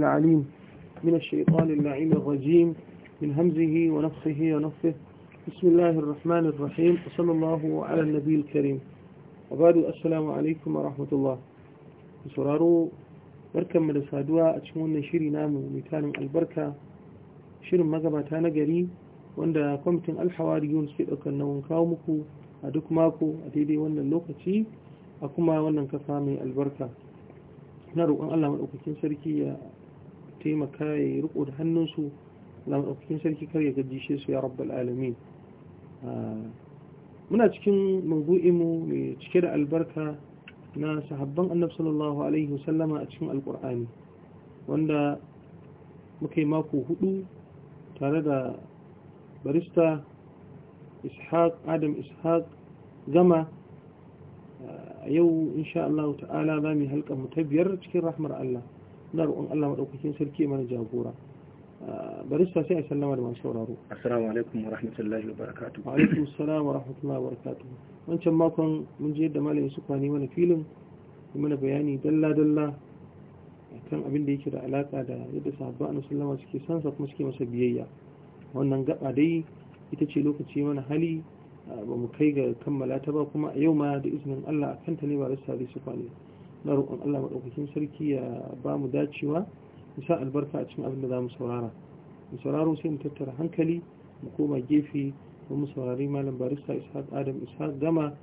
العليم من الشيطان اللعين الرجيم من همزه ونفخه ونفخه بسم الله الرحمن الرحيم وصلى الله على النبي الكريم وبعد السلام عليكم ورحمة الله بسرارو بركم من السادواء اتشمون نشيري نامو نتالم البركة شيرم مغبا تانا قري واندا كومتن الحواريون سيئك النوم كاومكو ادوكماكو اتيدي وانا اللوكة تي اكما وانا كفامي البركة نارو ان الله من اوكتين سريكي taimaka ya yi riko da hannunsu Allah sarki kar ya shi su ya rabbal alamin ah, muna cikin mu mai cike da albarka na sahabban annab sallallahu alaihi wasallama a cikin alkur'ani wanda muka yi mako hudu tare da barista ishaq adam ishaq gama ah, yau insha ta'ala za mu halka mu cikin rahmar Allah na roƙon Allah maɗaukakin sarki mana jagora ah, barista sai a sallama da masu sauraro assalamu alaikum wa rahmatullahi wa wa alaikum assalam wa rahmatullahi wa wancan makon mun je yadda malamin su kwani mana filin mana bayani dalla dalla kan abin da yake da alaka da yadda sahabba annabi sallama suke san sa kuma suke masa biyayya wannan gaba dai ita ce lokaci mana hali ah, ba mu kai ga kammala ta ba kuma a yau ma da izinin Allah a kanta ne ba zai su kwani نرو أن الله وكيم شركي با مدات شوا البركة أتشم أبن دام سورارا سورارو سين تتر حنكلي مقومة جيفي ومسواري ما لم بارسة إسحاد آدم إسحاد دما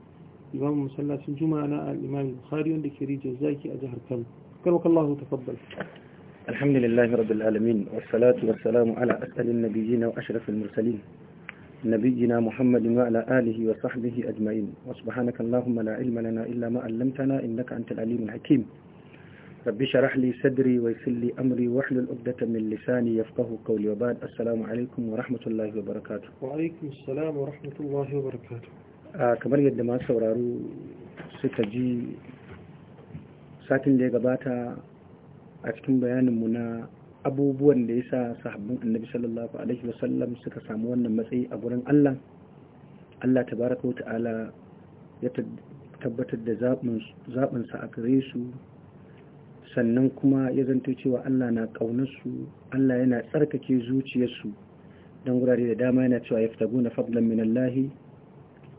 إمام مسلا سنجمع أنا الإمام البخاري وندكري جزاكي أجهر كم كلمك الله تفضل الحمد لله رب العالمين والصلاة والسلام على أسأل النبيين وأشرف المرسلين نبينا محمد وعلى آله وصحبه أجمعين وسبحانك اللهم لا علم لنا إلا ما علمتنا إنك أنت العليم الحكيم رب شرح لي صدري ويسر لي أمري واحلل عقدة من لساني يفقه قولي وبعد السلام عليكم ورحمة الله وبركاته وعليكم السلام ورحمة الله وبركاته آه كمان يد ما سورارو ستجي ساتن لي gabata a cikin bayaninmu na abubuwan da ya sa sahabbin annabi sallallahu alaihi wasallam suka samu wannan matsayi a gurin Allah Allah tabaraka ta'ala ya tabbatar da sa a gare su sannan kuma ya zanto cewa Allah na ƙaunarsu Allah yana tsarkake zuciyarsu don gurare da dama yana cewa ya fita gona fadlan min Allahi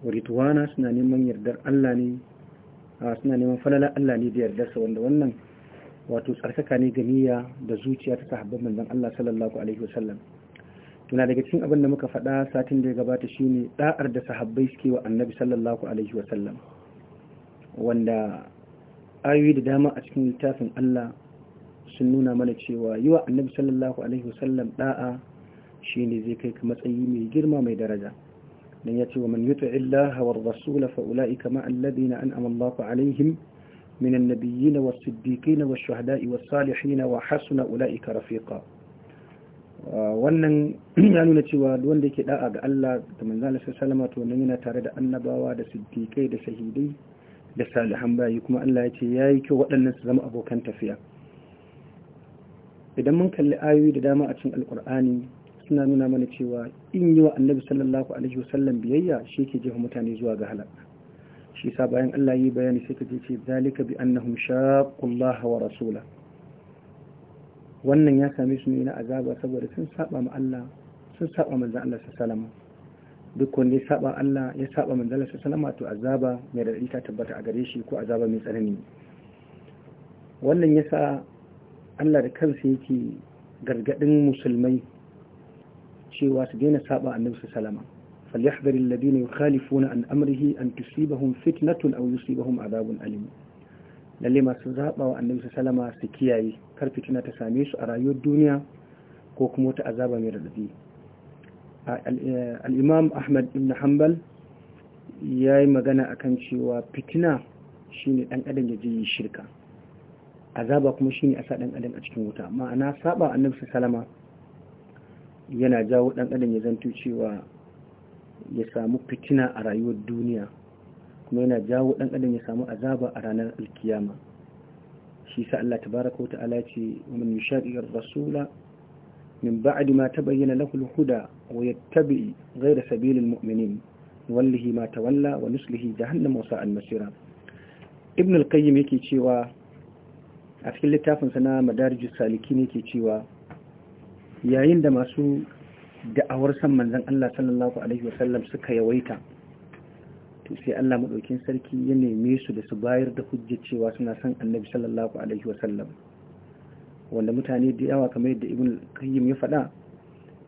wa rituwana suna neman yardar Allah ne ah, suna neman falala Allah ne da yardarsa wanda wannan wato tsarkaka ne ga niyya da zuciya ta sahabban manzon Allah sallallahu alaihi wasallam tuna daga cikin abin da muka faɗa satin da ya gabata shine da'ar da sahabbai suke wa annabi sallallahu alaihi wasallam wanda ayoyi da dama a cikin littafin Allah sun nuna mana cewa yi wa annabi sallallahu alaihi wasallam da'a shine zai kai ka matsayi mai girma mai daraja dan ya ce wa man yuti illaha war rasula fa ulaika ma alladhina an'ama Allahu alaihim من النبيين والصديقين والشهداء والصالحين وحسن أولئك رفيقا wannan ya nuna cewa wanda yake da'a ga Allah da manzon Allah sallama to wannan yana tare da annabawa da siddiqai da shahidai da salihan bayi kuma Allah ya ce ya yi kyau waɗannan su zama abokan tafiya idan mun kalli ayoyi da dama a cikin alkur'ani suna nuna mana cewa in yi wa annabi sallallahu alaihi wasallam biyayya shi ke jefa mutane zuwa ga halaka shi sa bayan Allah yi bayani sai kaje ce zalika bi annahum shaqqullaha wa rasula wannan ya same su ne na azaba saboda sun saba ma Allah sun saba manzon Allah sallallahu duk wanda ya saba Allah ya saba manzon Allah sallallahu to azaba mai radi ta tabbata a gare shi ko azaba mai tsanani wannan yasa Allah da kansa yake gargadin musulmai cewa su daina saba annabi sallallahu فليحذر الذين يخالفون عن أمره أن تصيبهم فتنة أو يصيبهم عذاب أليم lalle masu zaɓawa annabi su salama su kiyaye kar fitina ta same su a rayuwar duniya ko kuma wata azaba mai radadi al'imam ahmad ibn hambal ya yi magana akan cewa fitina shine ɗan adam shirka azaba kuma shine a sa ɗan a cikin wuta ma'ana saba annabi salama yana jawo ɗan adam ya zanto cewa ya samu fitina a rayuwar duniya kuma yana jawo ɗan adam ya samu azaba a ranar alkiyama shi sa Allah tabaraka wa ta'ala ce man yushaqiqir rasula min ba'di ma tabayyana lahu al-huda wa yattabi ghayra sabilil mu'minin wallahi ma tawalla wa nuslihi jahannam wa sa'al masira ibn al-qayyim yake cewa a cikin littafin sa na madarijus salikin yake cewa yayin da masu da'awar san manzan Allah sallallahu Alaihi wasallam suka yawaita to sai Allah maɗaukin sarki ya neme su da su bayar da hujjar cewa suna son annabi sallallahu Alaihi wasallam wanda mutane da yawa kamar yadda ibn qayyim ya faɗa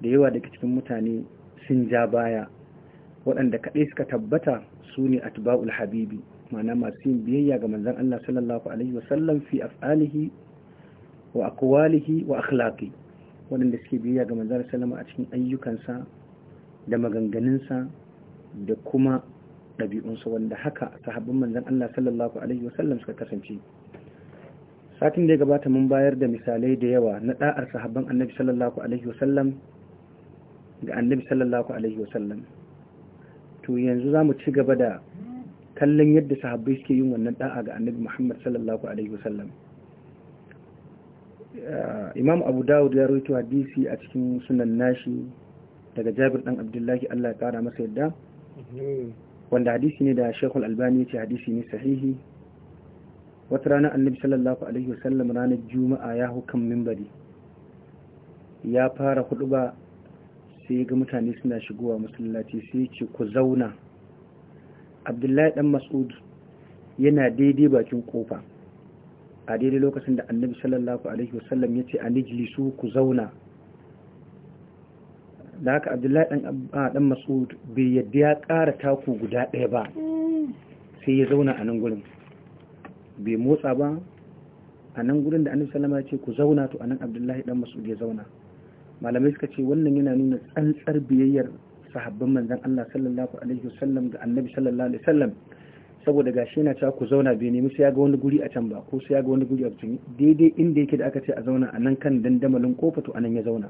da yawa daga cikin mutane sun ja baya waɗanda kaɗai suka tabbata su ne atba'ul habibi ma'ana masu yin biyayya ga manzan Allah sallallahu Alaihi wasallam fi af'alihi wa aqwalihi wa akhlaqihi waɗanda suke biyayya ga manzara salama a cikin ayyukansa da maganganunsa da kuma ɗabi'unsa wanda haka sahabin manzan Allah sallallahu Alaihi wasallam suka kasance satin da ya gabata mun bayar da misalai da yawa na ɗa'ar sahabban annabi sallallahu Alaihi wasallam ga annabi sallallahu Alaihi wasallam to yanzu za mu ci gaba da kallon yadda sahabbai suke yin wannan ɗa'a ga annabi Muhammad sallallahu Alaihi wasallam Uh, imam abu dawud ya rawaito hadisi a cikin sunan nashi daga jabir dan abdullahi allah ya kara masa yadda hmm. wanda hadisi ne da shekul albani ce hadisi ne sahihi wata rana annabi sallallahu alaihi wasallam ranar juma'a ya hukan mimbari ya fara hudu ba sai ga mutane suna shigowa masallaci sai ce ku zauna abdullahi dan mas'ud yana daidai bakin kofa a daidai lokacin da annabi sallallahu alaihi wasallam ya ce a nijlisu ku zauna da haka abdullahi dan masud bai yadda ya ƙara taku guda ɗaya ba sai ya zauna a nan gurin bai motsa ba a nan gurin da annabi sallama ya ce ku zauna to anan abdullahi dan masud ya zauna malamai suka ce wannan yana nuna tsantsar biyayyar sahabban manzon Allah sallallahu alaihi wasallam ga annabi sallallahu alaihi wasallam saboda shi na ta ku zauna bai nemi sai ya ga wani guri a can ba ko sai ya ga wani guri a cikin daidai inda yake da aka ce a zauna a nan kan dandamalin kofa to anan ya zauna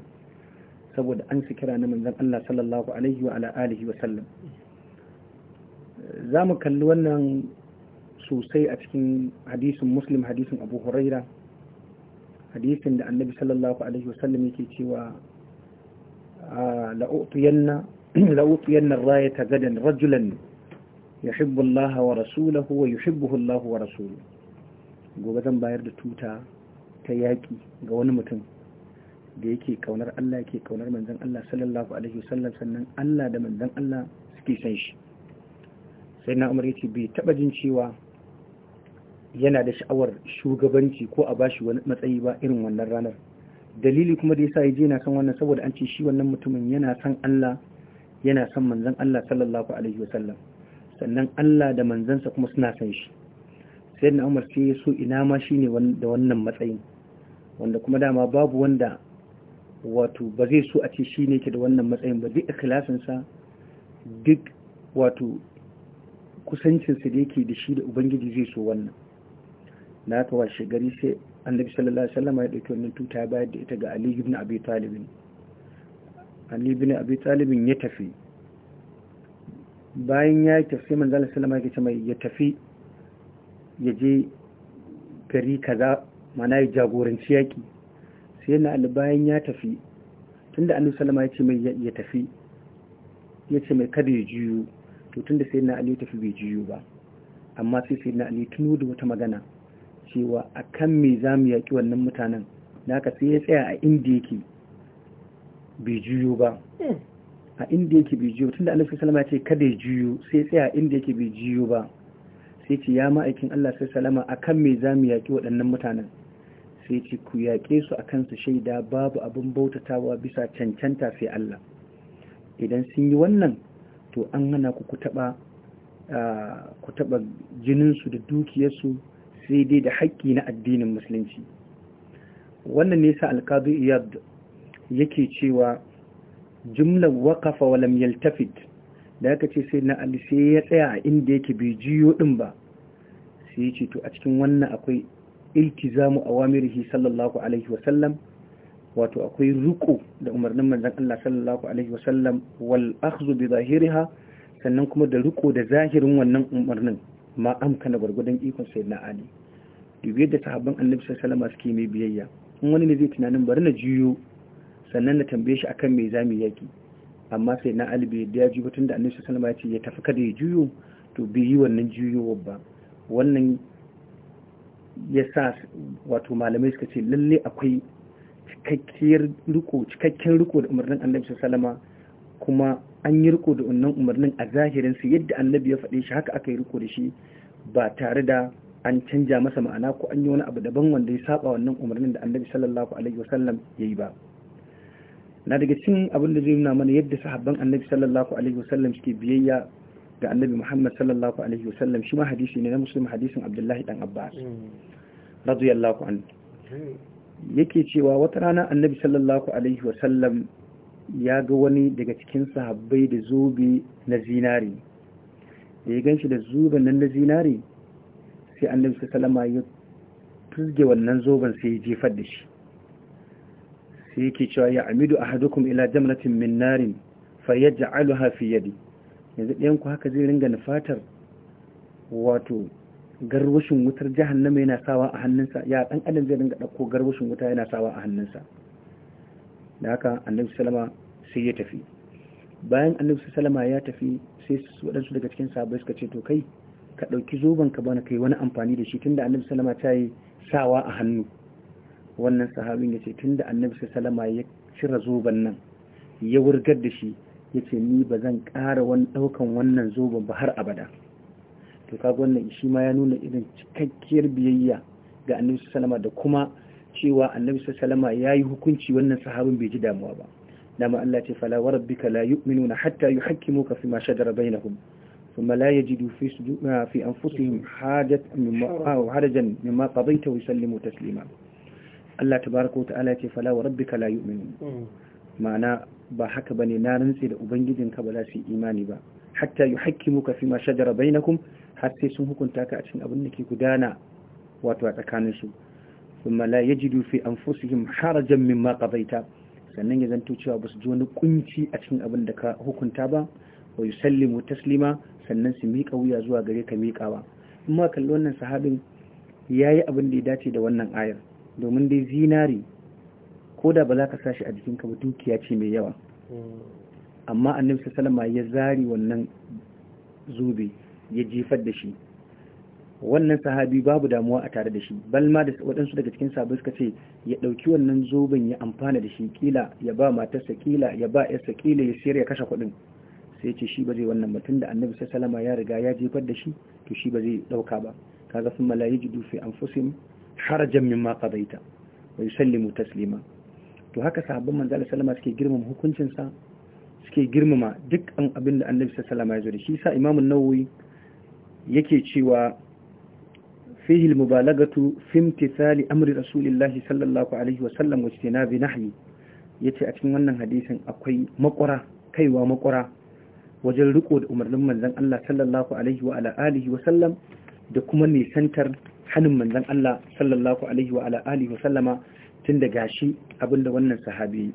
saboda an su kira na manzon Allah sallallahu alaihi wa alihi wa sallam za mu kalli wannan sosai a cikin hadisin muslim hadisin abu huraira hadisin da annabi sallallahu alaihi wa sallam yake cewa ah, la'utuyanna la'utuyanna rayata gadan rajulan yuhibbu Allah wa rasulahu wa rasuluhu gobe zan bayar da tuta ta yaki ga wani mutum da yake kaunar Allah yake kaunar manzon Allah sallallahu alaihi wasallam sannan Allah da manzon Allah suke san shi sai na Umar yace bai taba jin cewa yana da sha'awar shugabanci ko a bashi wani matsayi ba irin wannan ranar dalili kuma da yasa yaje yana san wannan saboda an ce shi wannan mutumin yana san Allah yana san manzon Allah sallallahu alaihi wasallam sannan Allah da manzansa kuma suna san shi sai na umar sai ya so ina ma shi ne da wannan matsayin wanda kuma dama babu wanda wato ba zai so a ce shi ne ke da wannan matsayin ba duk ikilasinsa duk wato kusancinsa da yake da shi da ubangiji zai so wannan na haka washe gari sai annabi sallallahu alaihi wasallam ya dauki wannan tuta bayar da ita ga Ali ibn Abi Talib Ali ibn Abi Talib ya tafi bayan ya yi tafi manzala salama ya ce mai ya tafi ya je gari kaza mana ya jagoranci yaƙi sai na bayan ya tafi Tun da annabi salama ya ce mai ya tafi ya ce mai kada ya juyo to tun da sai na ya tafi bai juyo ba amma sai sai na ali tuno da wata magana cewa a kan me za mu yaƙi wannan mutanen da haka sai ya tsaya a inda yake bai juyo ba hmm. a inda yake bai jiyo tunda annabi sallallahu alaihi wasallam ya ce kada ya jiyo sai tsaya inda yake bai jiyo ba sai ce ya ma'aikin Allah sai salama akan me zamu yaki waɗannan mutanen sai ce ku yaƙe su akan su shaida babu abin bautatawa bisa cancanta sai Allah idan sun yi wannan to an hana ku ku taɓa ku jininsu da dukiyarsu sai dai da haƙƙi na addinin musulunci wannan ne sa alƙadu iyad yake cewa jumlar wakafa walam yaltafit da aka ce sai na sai ya tsaya a inda yake bai jiyo din ba sai ya ce to a cikin wannan akwai iltizamu awamirihi sallallahu alaihi wasallam wato akwai riko da umarnin manzon Allah sallallahu alaihi wasallam wal akhdhu bi zahiriha sannan kuma da riko da zahirin wannan umarnin ma amkana gurgudan ikon sayyidina ali dubi yadda sahabban annabi sallallahu alaihi wasallam suke mai biyayya in wani ne zai tunanin bari na jiyo sannan na tambaye shi akan me zami yaki amma sai na albi da ya ji batun da annabi sallallahu alaihi wasallam ya tafi kada ya juyo to bai yi wannan juyowar ba wannan ya sa wato malamai suka ce lalle akwai cikakkiyar cikakken riko da umarnin annabi salama kuma an yi riko da wannan umarnin a zahirin su yadda annabi ya faɗe shi haka aka yi riko da shi ba tare da an canja masa ma'ana ko an yi wani abu daban wanda ya saba wannan umarnin da annabi sallallahu alaihi wasallam ya yi ba na daga cin abin da zai nuna mana yadda sahabban annabi sallallahu alaihi wasallam suke biyayya ga annabi muhammad sallallahu alaihi wasallam shi ma hadisi ne na muslim hadisin abdullahi dan abbas hmm. radiyallahu anhu hmm. yake cewa wata rana annabi sallallahu alaihi wasallam ya ga wani daga cikin sahabbai da zobe na zinari da ya ganshi da zoben nan na zinari sai annabi sallama ya tuzge wannan zoben sai ya jefar da shi sai yake cewa ya amidu ahadukum ila jamratin minnarin narin alu hafi yadi yanzu ɗayan ku haka zai ringa nufatar wato garwashin wutar jahannama yana sawa a hannunsa ya ɗan adam zai ringa ɗauko garwashin wuta yana sawa a hannunsa da haka annabi salama sai ya tafi bayan annabi salama ya tafi sai waɗansu daga cikin sahabbai suka ce to kai ka ɗauki zoben ka bana kai wani amfani da shi tunda annabi salama ta yi sawa a hannu wannan sahabin ya ce tun da annabi salama ya cire zoben nan ya wurgar da shi ya ce ni ba zan ƙara ɗaukan wannan zoben ba har abada to kaga wannan shi ma ya nuna irin cikakkiyar biyayya ga annabi salama da kuma cewa annabi salama ya yi hukunci wannan sahabin bai ji damuwa ba dama Allah ce fala wa rabbika la yu'minuna hatta yuhaqqimuka fima shajara bainahum ثم لا يجدوا في في أنفسهم حاجة مما, حرجا مما قضيت ويسلموا تسليما Allah tabaraka ta'ala ce fala wa rabbika la yu'minun ma'ana ba haka bane na rantse da ubangijinka ba za su yi imani ba hatta muka yuhakkimuka fima shajara bainakum har sai sun hukunta ka a cikin abin da ke gudana wato a tsakanin su thumma la yajidu fi anfusihim harajan mimma qadaita sannan ya zanto cewa ba su ji wani kunci a cikin abin da ka hukunta ba wa yusallimu taslima sannan su miƙa wuya zuwa gare ka miƙawa amma kallon wannan sahabin yayi abin da ya dace da wannan ayar domin dai zinari ko da ba za ka sashi a jikinka ba dukiya ce mai yawa hmm. amma annabi salama ya zari wannan zube ya jefar da shi wannan sahabi babu damuwa a tare da shi balma da waɗansu daga cikin sahabi suka ce ya ɗauki wannan zoben ya amfana da shi kila ya ba matarsa kila ya ba yarsa kila ya siyar ya kashe kuɗin sai ce shi ba zai wannan mutum da annabi salama ya riga ya jefar da shi to shi ba zai ɗauka ba kaga sun malayi jidu fi anfusim harajan mimma qadaita wa yusallimu taslima to haka sahabban manzo Allah sallama suke girmama hukuncin sa suke girmama dukkan abin da Annabi sallama ya zo da shi sa Imam an-Nawawi yake cewa fihi al-mubalagatu fi imtithali amri Rasulillah, sallallahu alaihi wa sallam wa istinabi nahyi yace a cikin wannan hadisin akwai makwara kaiwa makwara wajen riko da umarnin manzon Allah sallallahu alaihi wa ala alihi wa sallam da kuma nisantar hannun manzon Allah sallallahu alaihi wa ala wasallama, wa tun da gashi abinda wannan sahabi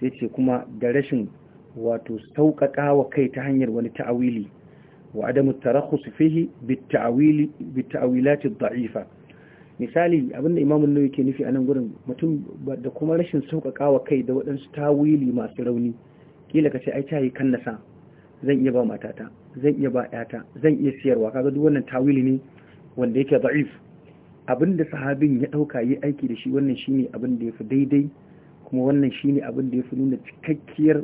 sai ce kuma da rashin wato sauƙaƙa wa kai ta hanyar wani ta'awili wa adamu su fihi bit daifa misali abinda imamun nawawi ke nufi a nan gurin mutum da kuma rashin sauƙaƙa wa kai da waɗansu tawili masu rauni kila ce ai kan kannasa zan iya ba matata zan iya ba yata zan iya siyarwa kaga duk wannan tawili ne wanda yake da'if abin da sahabin ya ɗauka yi aiki da shi wannan shine abin da ya fi daidai kuma wannan shine abin da ya fi nuna cikakkiyar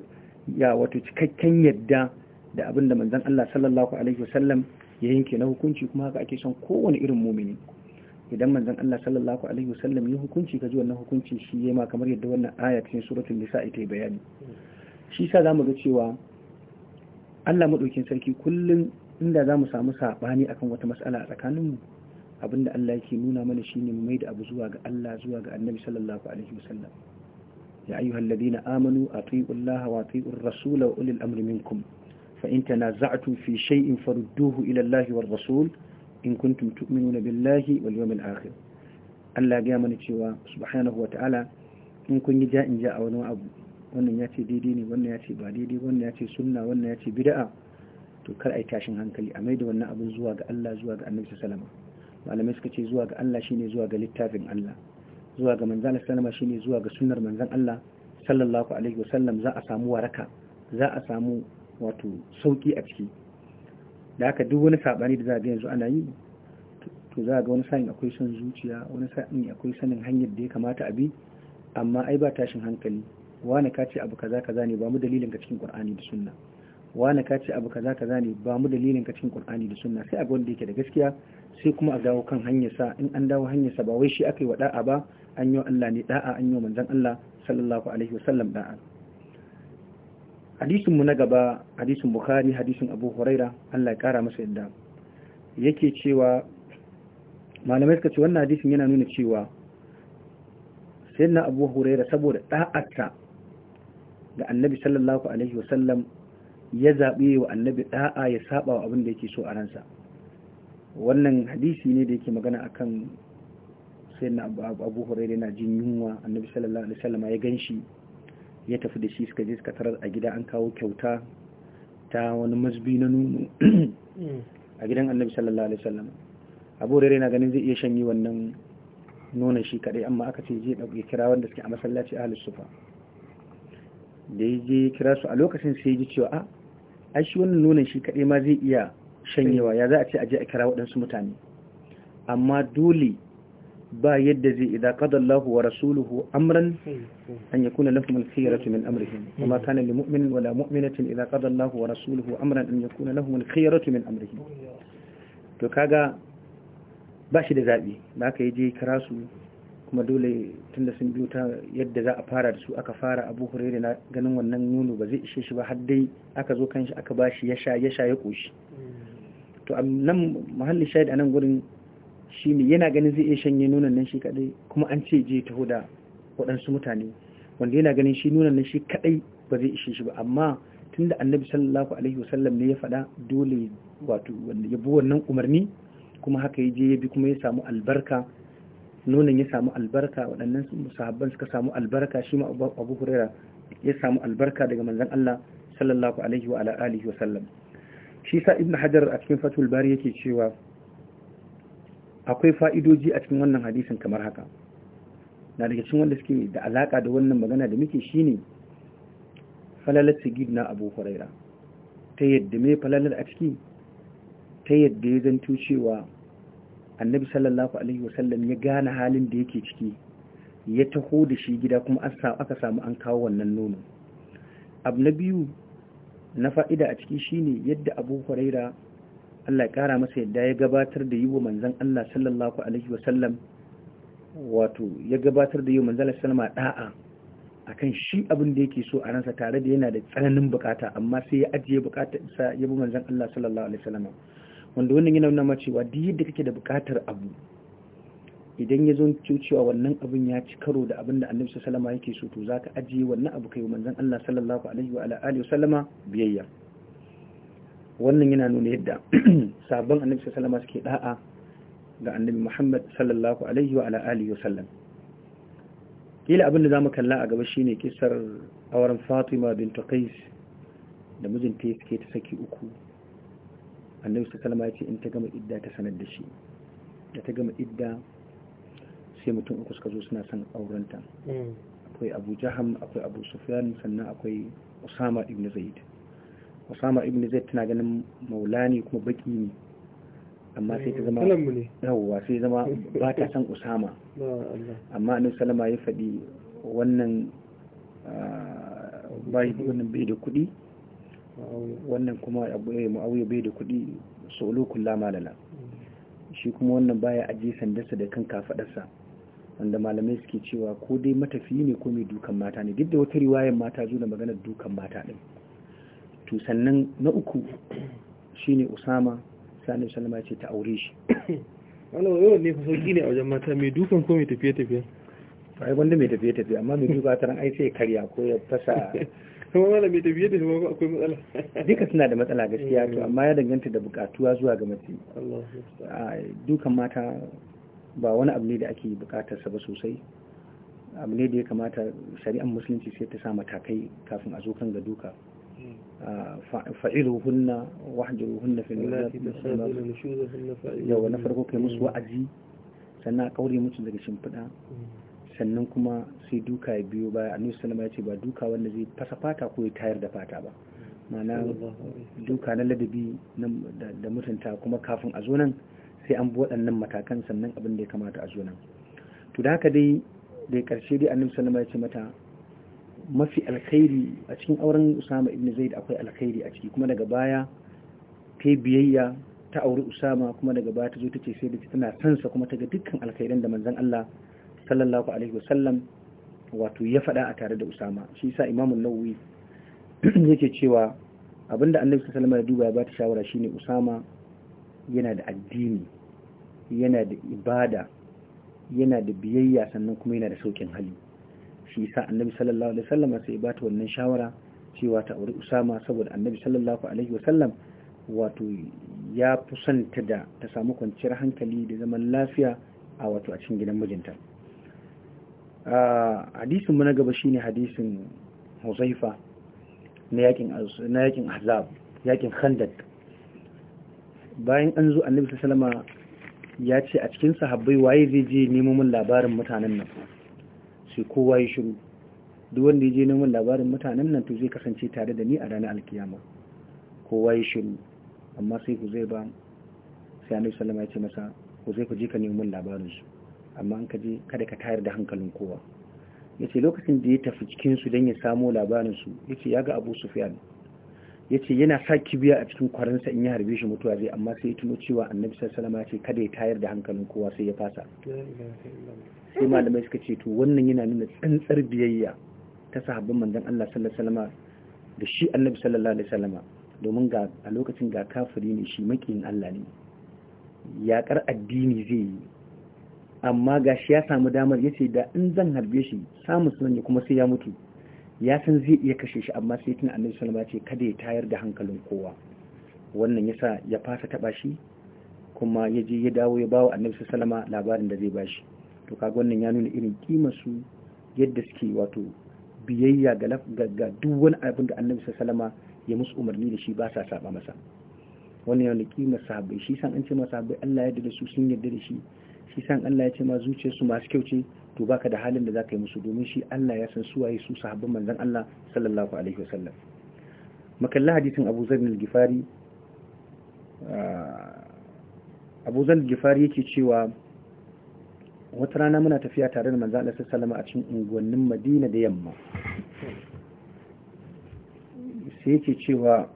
ya wato cikakken yadda da abin da manzon Allah sallallahu alaihi wasallam ya yanke na hukunci kuma haka ake son kowane irin mumini idan manzon Allah sallallahu alaihi wasallam ya hukunci ka ji wannan hukunci shi ma kamar yadda wannan aya cikin suratul nisa ita yi bayani shi sa zamu ga cewa Allah madaukin sarki kullum inda zamu samu sabani akan wata mas'ala a tsakaninmu abinda Allah yake nuna mana shine mu maida abu zuwa ga Allah zuwa ga Annabi sallallahu alaihi wasallam ya ayyuhal ladina amanu atiiu Allah wa atiiu ar-rasul wa ulil amri minkum fa in tanaza'tum fi shay'in farudduhu ila Allah war rasul in kuntum tu'minuna billahi wal yawmil akhir Allah ya mana cewa subhanahu wa ta'ala in kun yi ja'in ja a wani abu wannan ya ce daidai ne wannan ya ce ba daidai wannan ya ce sunna wannan ya ce bid'a to kar ai tashin hankali a maida wannan abin zuwa ga Allah zuwa ga Annabi sallallahu alaihi wasallam malamai suka ce zuwa ga Allah shine zuwa ga littafin Allah zuwa ga manzon sallama shine zuwa ga sunnar manzon Allah sallallahu alaihi wasallam za a samu waraka za a samu wato sauki a ciki da haka duk wani sabani da za a ga yanzu ana yi to za a ga wani sa'in akwai son zuciya wani sa'in akwai sanin hanyar da ya kamata a bi amma ai ba tashin hankali wani ka ce abu kaza kaza ne ba mu dalilin ka cikin qur'ani da sunna wani ka ce abu kaza kaza ne ba mu dalilin ka cikin qur'ani da sunna sai a ga wanda yake da gaskiya sai kuma a dawo kan hanyarsa in an dawo hanyarsa ba wai shi aka yi wa da'a ba an yi Allah ne da'a an yi manzan Allah sallallahu alaihi wasallam da'a hadisin mu na gaba hadisin bukhari hadisin abu huraira Allah ya kara masa yadda yake cewa malamai suka ce wannan hadisin yana nuna cewa sayyidina abu huraira saboda da'atta ga annabi sallallahu alaihi wasallam ya zabe wa annabi da'a ya saba wa abin da yake so a ransa wannan hadisi ne da yake magana akan sai na abu hurairu na jin yunwa annabi sallallahu alaihi wasallam ya ganshi ya tafi da shi suka je suka tarar a gida an kawo kyauta ta wani mazbi na nunu. Hmm. a gidan annabi sallallahu alaihi wasallam abu hurairu na ganin zai iya shanyi wannan nonon shi kadai amma aka ce je ya kira wanda suke a masallaci ahlus sufa da ya je kira su a lokacin sai ya ji cewa a ah, ai shi wannan nonon shi kadai ma zai iya shanyewa ya za a ce a je a kira waɗansu mutane amma dole ba yadda zai idan allahu wa rasuluhu amran an yakuna lahum al-khiyaratu min amrihim kama hmm. kana da mu'minin wa mu'minatin idan qadallahu wa rasuluhu amran an yakuna lahum al-khiyaratu min amrihim to kaga ba shi da zaɓi da aka yi je kira su kuma dole tun da sun biyo ta yadda za a fara da su aka fara Abu hurere na ganin wannan nuno ba zai ishe shi ba har dai aka zo kan shi aka shi ya sha ya sha ya koshi hmm. to nan muhalli shaid a nan gurin shi ne yana ganin zai iya shanye nunan nan shi kadai kuma an ce je taho da waɗansu mutane wanda yana ganin shi nunan nan shi kadai ba zai ishe shi ba amma tunda annabi sallallahu alaihi wasallam ne ya faɗa dole wato ya bi wannan umarni kuma haka ya je ya bi kuma ya samu albarka nunan ya samu albarka waɗannan sahabban suka samu albarka shi ma abu huraira ya samu albarka daga manzon Allah sallallahu alaihi wa alihi wasallam shi sa ibn hajar a cikin fatul bari yake cewa akwai fa'idoji a cikin wannan hadisin kamar haka na daga cikin wanda suke da alaka da wannan magana da muke shine falalar sigid na abu huraira ta yadda mai falalar a ciki ta yadda ya zanto cewa annabi sallallahu alaihi wasallam ya gane halin da yake ciki ya taho da shi gida kuma aka samu an kawo wannan nono abu na biyu na fa'ida a ciki shine yadda abu huraira Allah ya kara masa yadda ya gabatar da yi wa manzan Allah sallallahu alaihi wasallam wato ya gabatar da yi wa manzan Allah ɗa'a, a kan shi abin da yake so a ransa tare da yana da tsananin bukata amma sai ya ajiye bukatar isa ya bi manzan Allah sallallahu alaihi wasallam wanda wannan yana nuna cewa duk yadda kake da bukatar abu idan ya zo cewa wannan abin ya ci karo da abin da annabi sallama yake so to zaka ajiye wannan abu kai manzon Allah sallallahu alaihi wa alihi wasallama biyayya wannan yana nuna yadda sabon annabi sallama suke da'a ga annabi Muhammad sallallahu alaihi wa alihi wasallam kila abin da zamu kalla a gaba shine kissar auren Fatima bint Qais da mijinta yake ta saki uku annabi sallama ya ce in ta gama idda ta sanar da shi da ta gama idda sai mutum uku suka zo suna son aurenta hmm. akwai abu jaham akwai abu sufyan sannan akwai usama ibn zaid usama ibn zaid tana ganin maulani kuma baki ne amma sai ta zama yawwa sai zama ba ta san usama amma annabi salama ya faɗi wannan ah, bai wannan bai da kuɗi wannan kuma eh, mu'awiya bai da kuɗi solo kullama lala hmm. shi kuma wannan baya ajiye sandarsa da kan kafaɗarsa wanda malamai suke cewa ko dai matafiyi ne ko mai dukan mata ne duk da wata riwayar mata zo da maganar dukan mata ɗin to sannan na uku shine usama sani salama ce ta aure shi wani yawan ne fasauki ne a wajen mata mai dukan ko mai tafiye-tafiye ai wanda mai tafiye-tafiye amma mai duka ta ran ai sai karya ko ya fasa kuma wala mai tafiye-tafiye ko akwai matsala duka suna da matsala gaskiya to eh. amma ya danganta da bukatuwa zuwa ga mace dukan mata ba wani abu ne da ake sa ba sosai abu ne da ya kamata shari'an musulunci sai ta sa matakai kafin a zo kan ga duka hmm. ah, fa'iluhunna wahjuruhunna fil da na farko kai musu hmm. wa'azi sannan a kaure musu daga shimfiɗa hmm. sannan kuma sai duka ya biyo baya annabi salama ya ce ba duka wanda zai fasa fata ko ya tayar da fata ba ma'ana duka na ladabi da mutunta kuma kafin a zo nan sai an bi waɗannan matakan sannan abin da ya kamata a zo to da haka dai da karshe dai annabi sallama ya ce mata mafi alkhairi a cikin auren Usama ibn Zaid akwai alkhairi a ciki kuma daga baya ta biyayya ta auri Usama kuma daga baya ta zo ta ce sai da tana son sa kuma ta ga dukkan alkhairin da manzan Allah sallallahu alaihi wasallam wato ya faɗa a tare da Usama shi yasa Imam nawawi yake cewa abinda Annabi sallallahu alaihi wasallam ya duba ya ba ta shawara shine Usama yana da addini yana da ibada yana da biyayya sannan kuma yana da saukin hali shi sa annabi sallallahu alaihi wasallam sai ya bata wannan shawara cewa ta aure Usama saboda annabi sallallahu alaihi wasallam wato ya fusanta da ta samu kwanciyar hankali da zaman lafiya a wato a cikin gidan mijinta hadisin mu na gaba shine hadisin Huzaifa na yakin na yakin Ahzab yakin Khandaq bayan an zo annabi wasallam ya ce a cikin sahabbai waye zai je nemo labarin mutanen nan sai kowa ya shiru duk wanda ya je nemo labarin mutanen nan to zai kasance tare da ni a ranar alkiyama kowa ya shiru amma sai ku zai ba sai annabi sallama ya ce masa ku zai ku je ka nemo labarin su amma an ka je kada ka tayar da hankalin kowa yace lokacin da ya tafi cikin su dan ya samo labarin su yace ya ga Abu Sufyan ya ce yana sa kibiya a cikin kwaransa in ya harbe shi mutuwa zai amma sai ya tuno cewa annabi sallama ce kada ya tayar da hankalin kowa sai ya fasa sai malamai suka ce to wannan yana nuna tsantsar biyayya ta sahabban manzon Allah sallallahu da shi annabi sallallahu alaihi domin ga a lokacin ga kafiri ne shi makiyin Allah ne yakar addini zai yi amma ga shi ya samu damar yace da in zan harbe shi samun sunan kuma sai ya mutu ya san zai iya kashe shi amma sai tun annabi sallama ce kada ya tayar da hankalin kowa wannan yasa ya fasa taba shi kuma ya je ya dawo ya bawa annabi sallama labarin da zai bashi to kaga wannan ya nuna irin kimar su yadda suke wato biyayya ga ga duk wani abin da annabi sallama ya musu umarni da shi ba sa saba masa wannan yana kimar sahabbai shi san an ce masa sahabbai Allah ya yarda da su sun yarda da shi shi san Allah ya ce ma zuciyarsu masu kyau ce to baka da halin da zaka yi musu domin shi Allah ya san su waye su sahabban manzon Allah sallallahu alaihi wasallam makalla hadisin Abu Zar al-Ghifari ah, Abu Zar al-Ghifari yake cewa wata rana muna tafiya tare da manzon Allah sallallahu alaihi wasallam a cikin unguwannin Madina da yamma sai yake cewa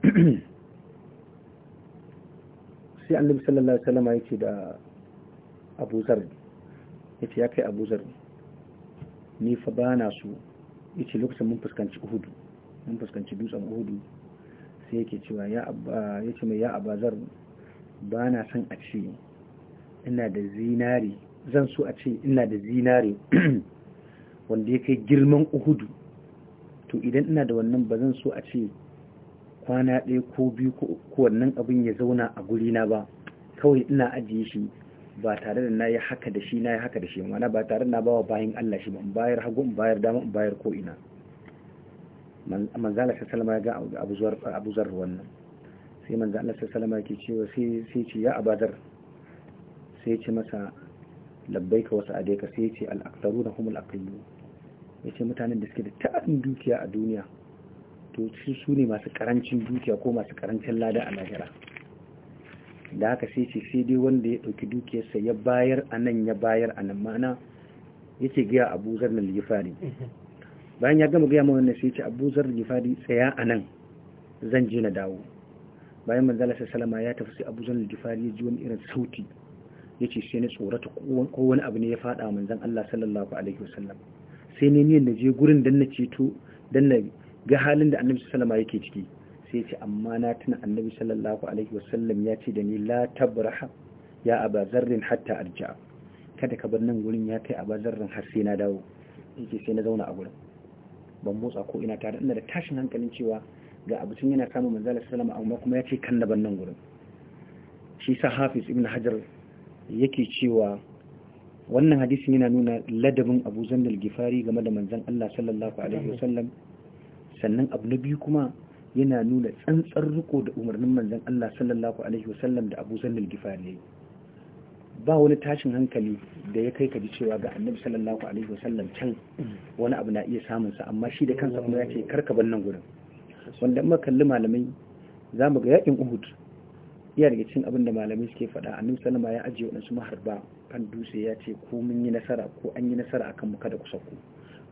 sai annabi sallallahu alaihi wasallam yake da Abu Zar yace ya kai Abu Zar ni fa ba na so ya ce lokacin mun fuskanci uhudu mun fuskanci dutsen uhudu sai yake cewa ya ce mai ya abazar ba na son a ce ina da zinari zan so a ce ina da zinare wanda ya kai girman uhudu to idan ina da wannan ba zan so a ce kwana ɗaya ko biyu ko wannan abin ya zauna a gurina ba kawai ina ajiye shi ba tare da na yi haka da shi na yi haka da shi mana ba tare da na ba wa bayan Allah shi ba in bayar hagu in bayar dama in bayar ko'ina manzala sai salama ya ga abuzar wannan sai manzala sai salama ke cewa sai ce ya abadar sai ce masa labbai ka wasu adeka sai ce al na kuma aqillu ya ce mutanen da suke da ta'adin dukiya a duniya to su ne masu karancin dukiya ko masu karancin lada a lahira da aka sai ce sai dai wanda ya ɗauki dukiyarsa ya bayar a nan ya bayar a nan mana yake gaya abuzar na lifari bayan ya gama gaya mawannan sai ce abuzar na lifari tsaya a nan zan je na dawo bayan manzala sai salama ya tafi sai abuzar na lifari ya ji wani irin sauti ya ce sai na tsorata ko wani abu ne ya faɗa manzan allah sallallahu alaihi wasallam sai ne niyan da je gurin dan na ceto dan na ga halin da annabi sallama yake ciki sai ce amma na tuna annabi sallallahu alaihi wasallam ya ce da ni la tabraha ya abazarrin hatta arja kada ka bar nan gurin ya kai abazarrin har sai na dawo yake sai na zauna a gurin ban motsa ko ina tare ina da tashin hankalin cewa ga abincin yana kama manzala sallama amma kuma ya ce kan na bar nan gurin shi sa hafiz ibn hajar yake cewa wannan hadisin yana nuna ladabin abu gifari game da manzan Allah sallallahu alaihi wasallam sannan abu na biyu kuma yana nuna tsantsar riko da umarnin manzon Allah sallallahu alaihi wasallam da Abu Zalil Gifari ba wani tashin hankali da ya kai ka ji cewa ga Annabi sallallahu alaihi wasallam can wani abu na iya samun sa amma shi da kansa kuma ya ce karka bar nan gurin wanda ma kalli malamai zamu ga yakin Uhud iya daga cikin abin da malamai suke faɗa Annabi sallallahu ya ajiye wadansu maharba kan dutse ya ce ko mun yi nasara ko an yi nasara akan mu kada ku sauko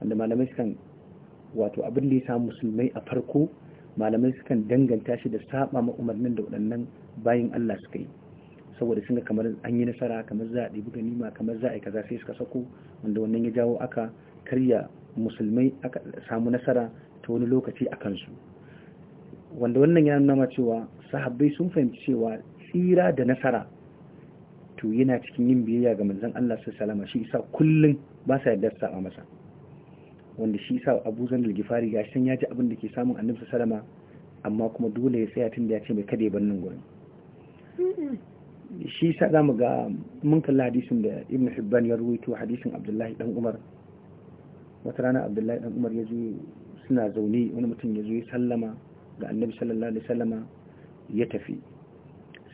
wanda malamai sukan wato abin da ya samu musulmai a farko malamai sukan danganta shi da saba ma umarnin da waɗannan bayin Allah suka yi saboda sun ga kamar an yi nasara kamar za a ɗibi ganima kamar za a yi kaza sai suka sako wanda wannan ya jawo aka karya musulmai aka samu nasara ta wani lokaci a kansu wanda wannan ya nuna cewa sahabbai sun fahimci cewa tsira da nasara to yana cikin yin biyayya ga manzon Allah sallallahu alaihi wasallam shi isa kullum ba sa yarda su saɓa masa wanda shi sa abu zan gifari ga shi ya ji abin da ke samun annabi salama amma kuma dole ya tsaya tun da ya ce mai kada ya bar nan gurin shi sa za mu ga mun kalla hadisin da ibn hibban ya ruwaito hadisin abdullahi dan umar wata rana abdullahi dan umar ya zo suna zaune wani mutum ya zo ya sallama ga annabi sallallahu alaihi wasallama ya tafi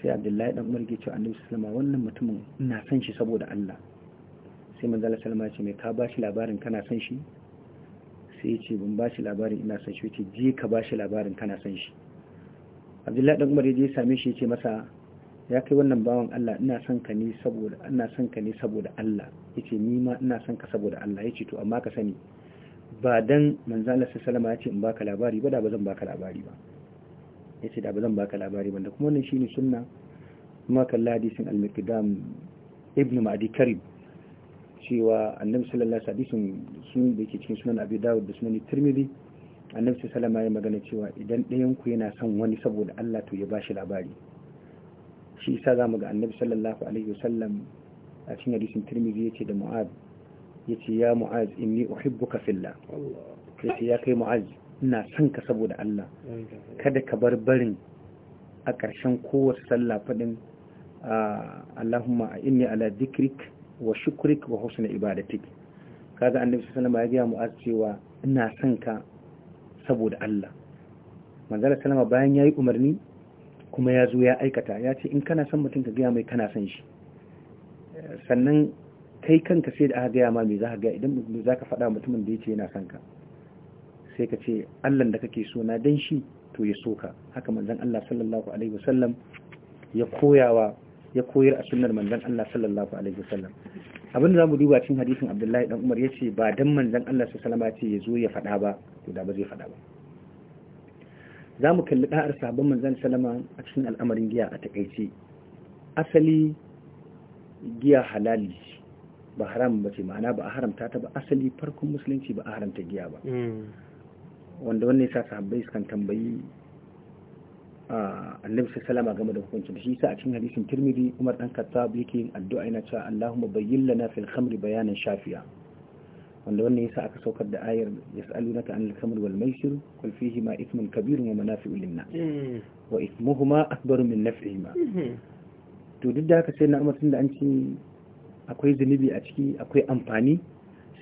sai abdullahi dan umar ya ce annabi sallama wannan mutumin ina san shi saboda Allah sai manzo Allah sallama ya ce mai ka ba shi labarin kana san shi sai ya ce ban ba shi labarin ina son shi ya ce je ka ba shi labarin kana san shi abdullahi dan umar ya je same shi ya ce masa ya kai wannan bawan Allah ina son ka ne saboda ina son ka ne saboda Allah yace ni ma ina son ka saboda Allah ce to amma ka sani ba dan manzo Allah sallallahu ya yace in baka labari ba da ba zan baka labari ba yace da ba bazan baka labari ba da kuma wannan shine sunna kuma kallon hadisin al-miqdam ibn ma'di karib cewa annabi sallallahu alaihi wasallam sun da yake cikin sunan abi dawud da sunan tirmidhi annabi sallallahu ya magana cewa idan ɗayan ku yana son wani saboda Allah to ya bashi labari shi isa zamu ga annabi sallallahu alaihi wasallam a cikin hadisin tirmidhi yace da mu'ad yace ya mu'az inni uhibbuka fillah yace ya kai mu'az ina son ka saboda Allah kada ka bar barin a ƙarshen kowace sallah fadin ah, Allahumma inni ala dhikrika wa shukrik wa husna ibadatik kaga annabi sallallahu alaihi wasallam ya ga mu cewa ina son ka saboda Allah manzala salama bayan ya yi umarni kuma ya zo ya aikata ya ce in kana son mutum ka gaya mai kana son shi sannan kai kanka sai da ga ma mai za ga idan za ka faɗa mutumin da ya ce yana son ka sai ka ce Allah da kake so na dan shi to ya so ka haka manzan allah sallallahu alaihi wasallam ya koyawa ya koyar a sunnar manzan Allah sallallahu alaihi wasallam abin da za mu duba cin hadisin Abdullahi dan Umar ya ce ba dan manzan Allah sallallahu alaihi wasallam ya zo ya faɗa ba to da ba zai faɗa ba zamu kalli ɗa'ar sabon manzan salama a cikin al'amarin giya a takaice asali giya halali ba haram ba ce ma'ana ba a haramta ta ba asali farkon musulunci ba a haramta giya ba hmm. wanda wannan yasa sahabbai sukan tambayi annabi salama game da hukuncin shi sa a cikin hadisin tirmidhi Umar dan kattab yake yin addu'a yana cewa Allahumma bayyin lana fil khamri bayanan shafiya wanda wannan yasa aka saukar da ayar yas'alunaka anil khamri wal maisir qul fihi ma ithmun kabirun wa manafi'un lin nas hmm. wa ithmuhuma akbar min naf'ihima hmm. to duk da haka sai na Umar da an ci akwai zunubi a ciki akwai amfani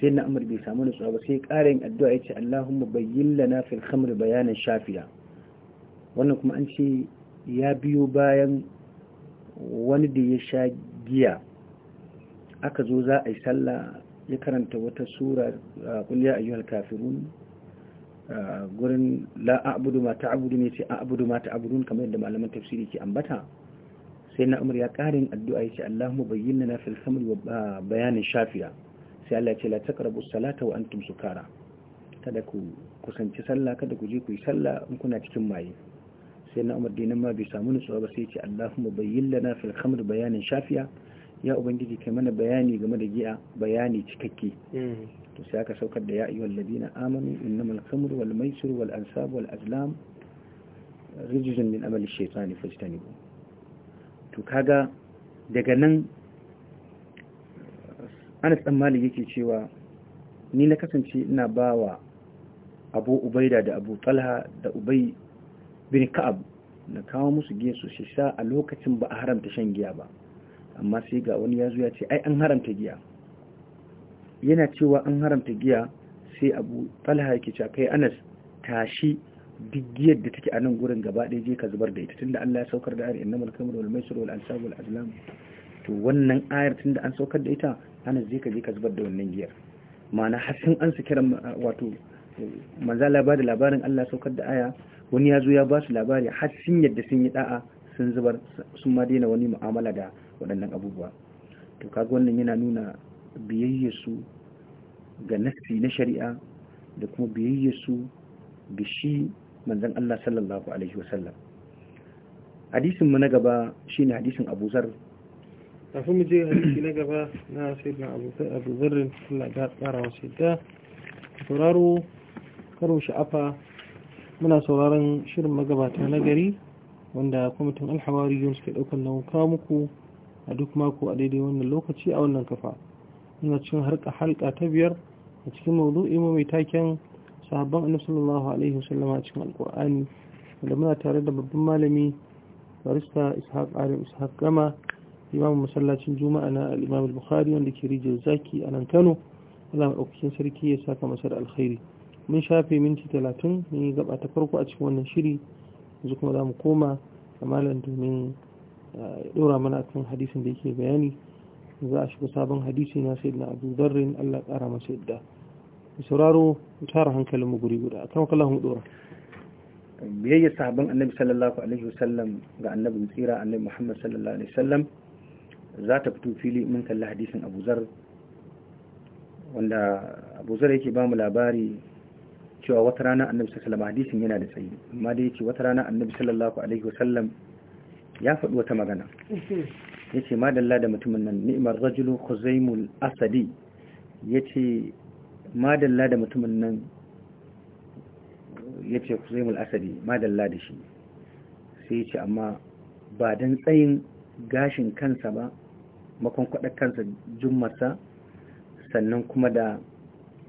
sai na Umar bai samu nutsuwa ba sai yin addu'a yace Allahumma bayyin lana fil khamri bayanan shafiya wannan kuma an ce ya biyo bayan wani da ya sha giya aka zo za a yi sallah ya karanta wata sura a ah, kulliya ayyuhal kafirun ah, gurin la a'budu ma ta'budu ne sai a'budu ma ta'budun kamar yadda malaman tafsiri ke ambata sai na umar ya karin addu'a ya ce Allahumma bayyana na fil khamri wa ah, bayanin shafiya sai Allah ya ce la taqrabu salata wa antum sukara kada ku kusanci sallah kada ku je ku yi sallah in kuna cikin maye sai na umar dinan ma bai samu nutsuwa ba sai ce allahumma bayyin lana fil khamr bayanin shafiya ya ubangiji kai mana bayani game da giya bayani cikakke hmm. to sai aka saukar da ya ayyuhal ladina amanu innamal khamru wal maisir wal ansab wal azlam rijjun min amali shaytani fajtanibu to kaga daga nan ana dan Malik yake cewa ni na kasance ina bawa Abu Ubaida da Abu Talha da ubai. bin ka'ab na kawo musu giya su shi sa a lokacin ba a haramta shan giya ba amma sai ga wani ya zo ya ce ai an haramta giya yana cewa an haramta giya sai abu talha yake cewa kai anas tashi duk giyar da take a nan gurin gaba ɗaya je ka zubar da ita tunda Allah ya saukar da ayar innamal kamar wal maisir wal ansab wal azlam to wannan ayar tunda an saukar da ita anas je ka je ka zubar da wannan giyar ma'ana har sun an su kira wato manzo Allah ba da labarin Allah ya saukar da aya wani ya zo ya ba su labari har sun yadda sun yi da'a sun zubar sun ma daina wani mu'amala da waɗannan abubuwa to kaga wannan yana nuna biyayyarsu ga nassi na shari'a da kuma biyayyarsu ga shi manzon Allah sallallahu alaihi wasallam hadisin mu na gaba shine hadisin Abu Zar kafin mu je hadisi na gaba na sayyidina Abu Zar Abu Zar Allah ya tsara wa sayyida karo shi sha'afa muna sauraron shirin magabata na gari wanda kwamitin alhawari yun suke daukan nan kawo muku a duk mako a daidai wannan lokaci a wannan kafa muna cikin harka halka ta biyar a cikin imo mai taken sahabban annabi alaihi wasallam a cikin alkur'ani wanda muna tare da babban malami barista ishaq alim ishaq gama imamu masallacin juma'a na al bukhari wanda ke rijiyar zaki a nan kano Allah maɗaukakin sarki ya saka masa da alkhairi mun shafe minti talatin mun yi gaba ta farko a cikin wannan shiri yanzu kuma za mu koma a malam domin eh, ɗora mana kan hadisin da yake bayani za a shiga sabon hadisi na sai na abu darrin allah ƙara masa yadda sauraro tara hankalin mu guri guda kan kala mu ɗora biyayya sahabban annabi sallallahu alaihi wasallam ga annabi tsira annabi muhammad sallallahu alaihi wasallam za ta fito fili mun kalli hadisin abu zar wanda abu zar yake ba mu labari cewa wata rana annabi sallallahu alaihi hadisin yana da tsayi amma dai yace wata rana annabi sallallahu alaihi wasallam ya faɗi wata magana yace madalla da mutumin nan ni'mar rajulu khuzaimul asadi yace madalla da mutumin nan yace khuzaimul asadi madalla da shi sai yace amma ba dan tsayin gashin kansa ba makon kwaɗar kansa jummarsa sannan kuma da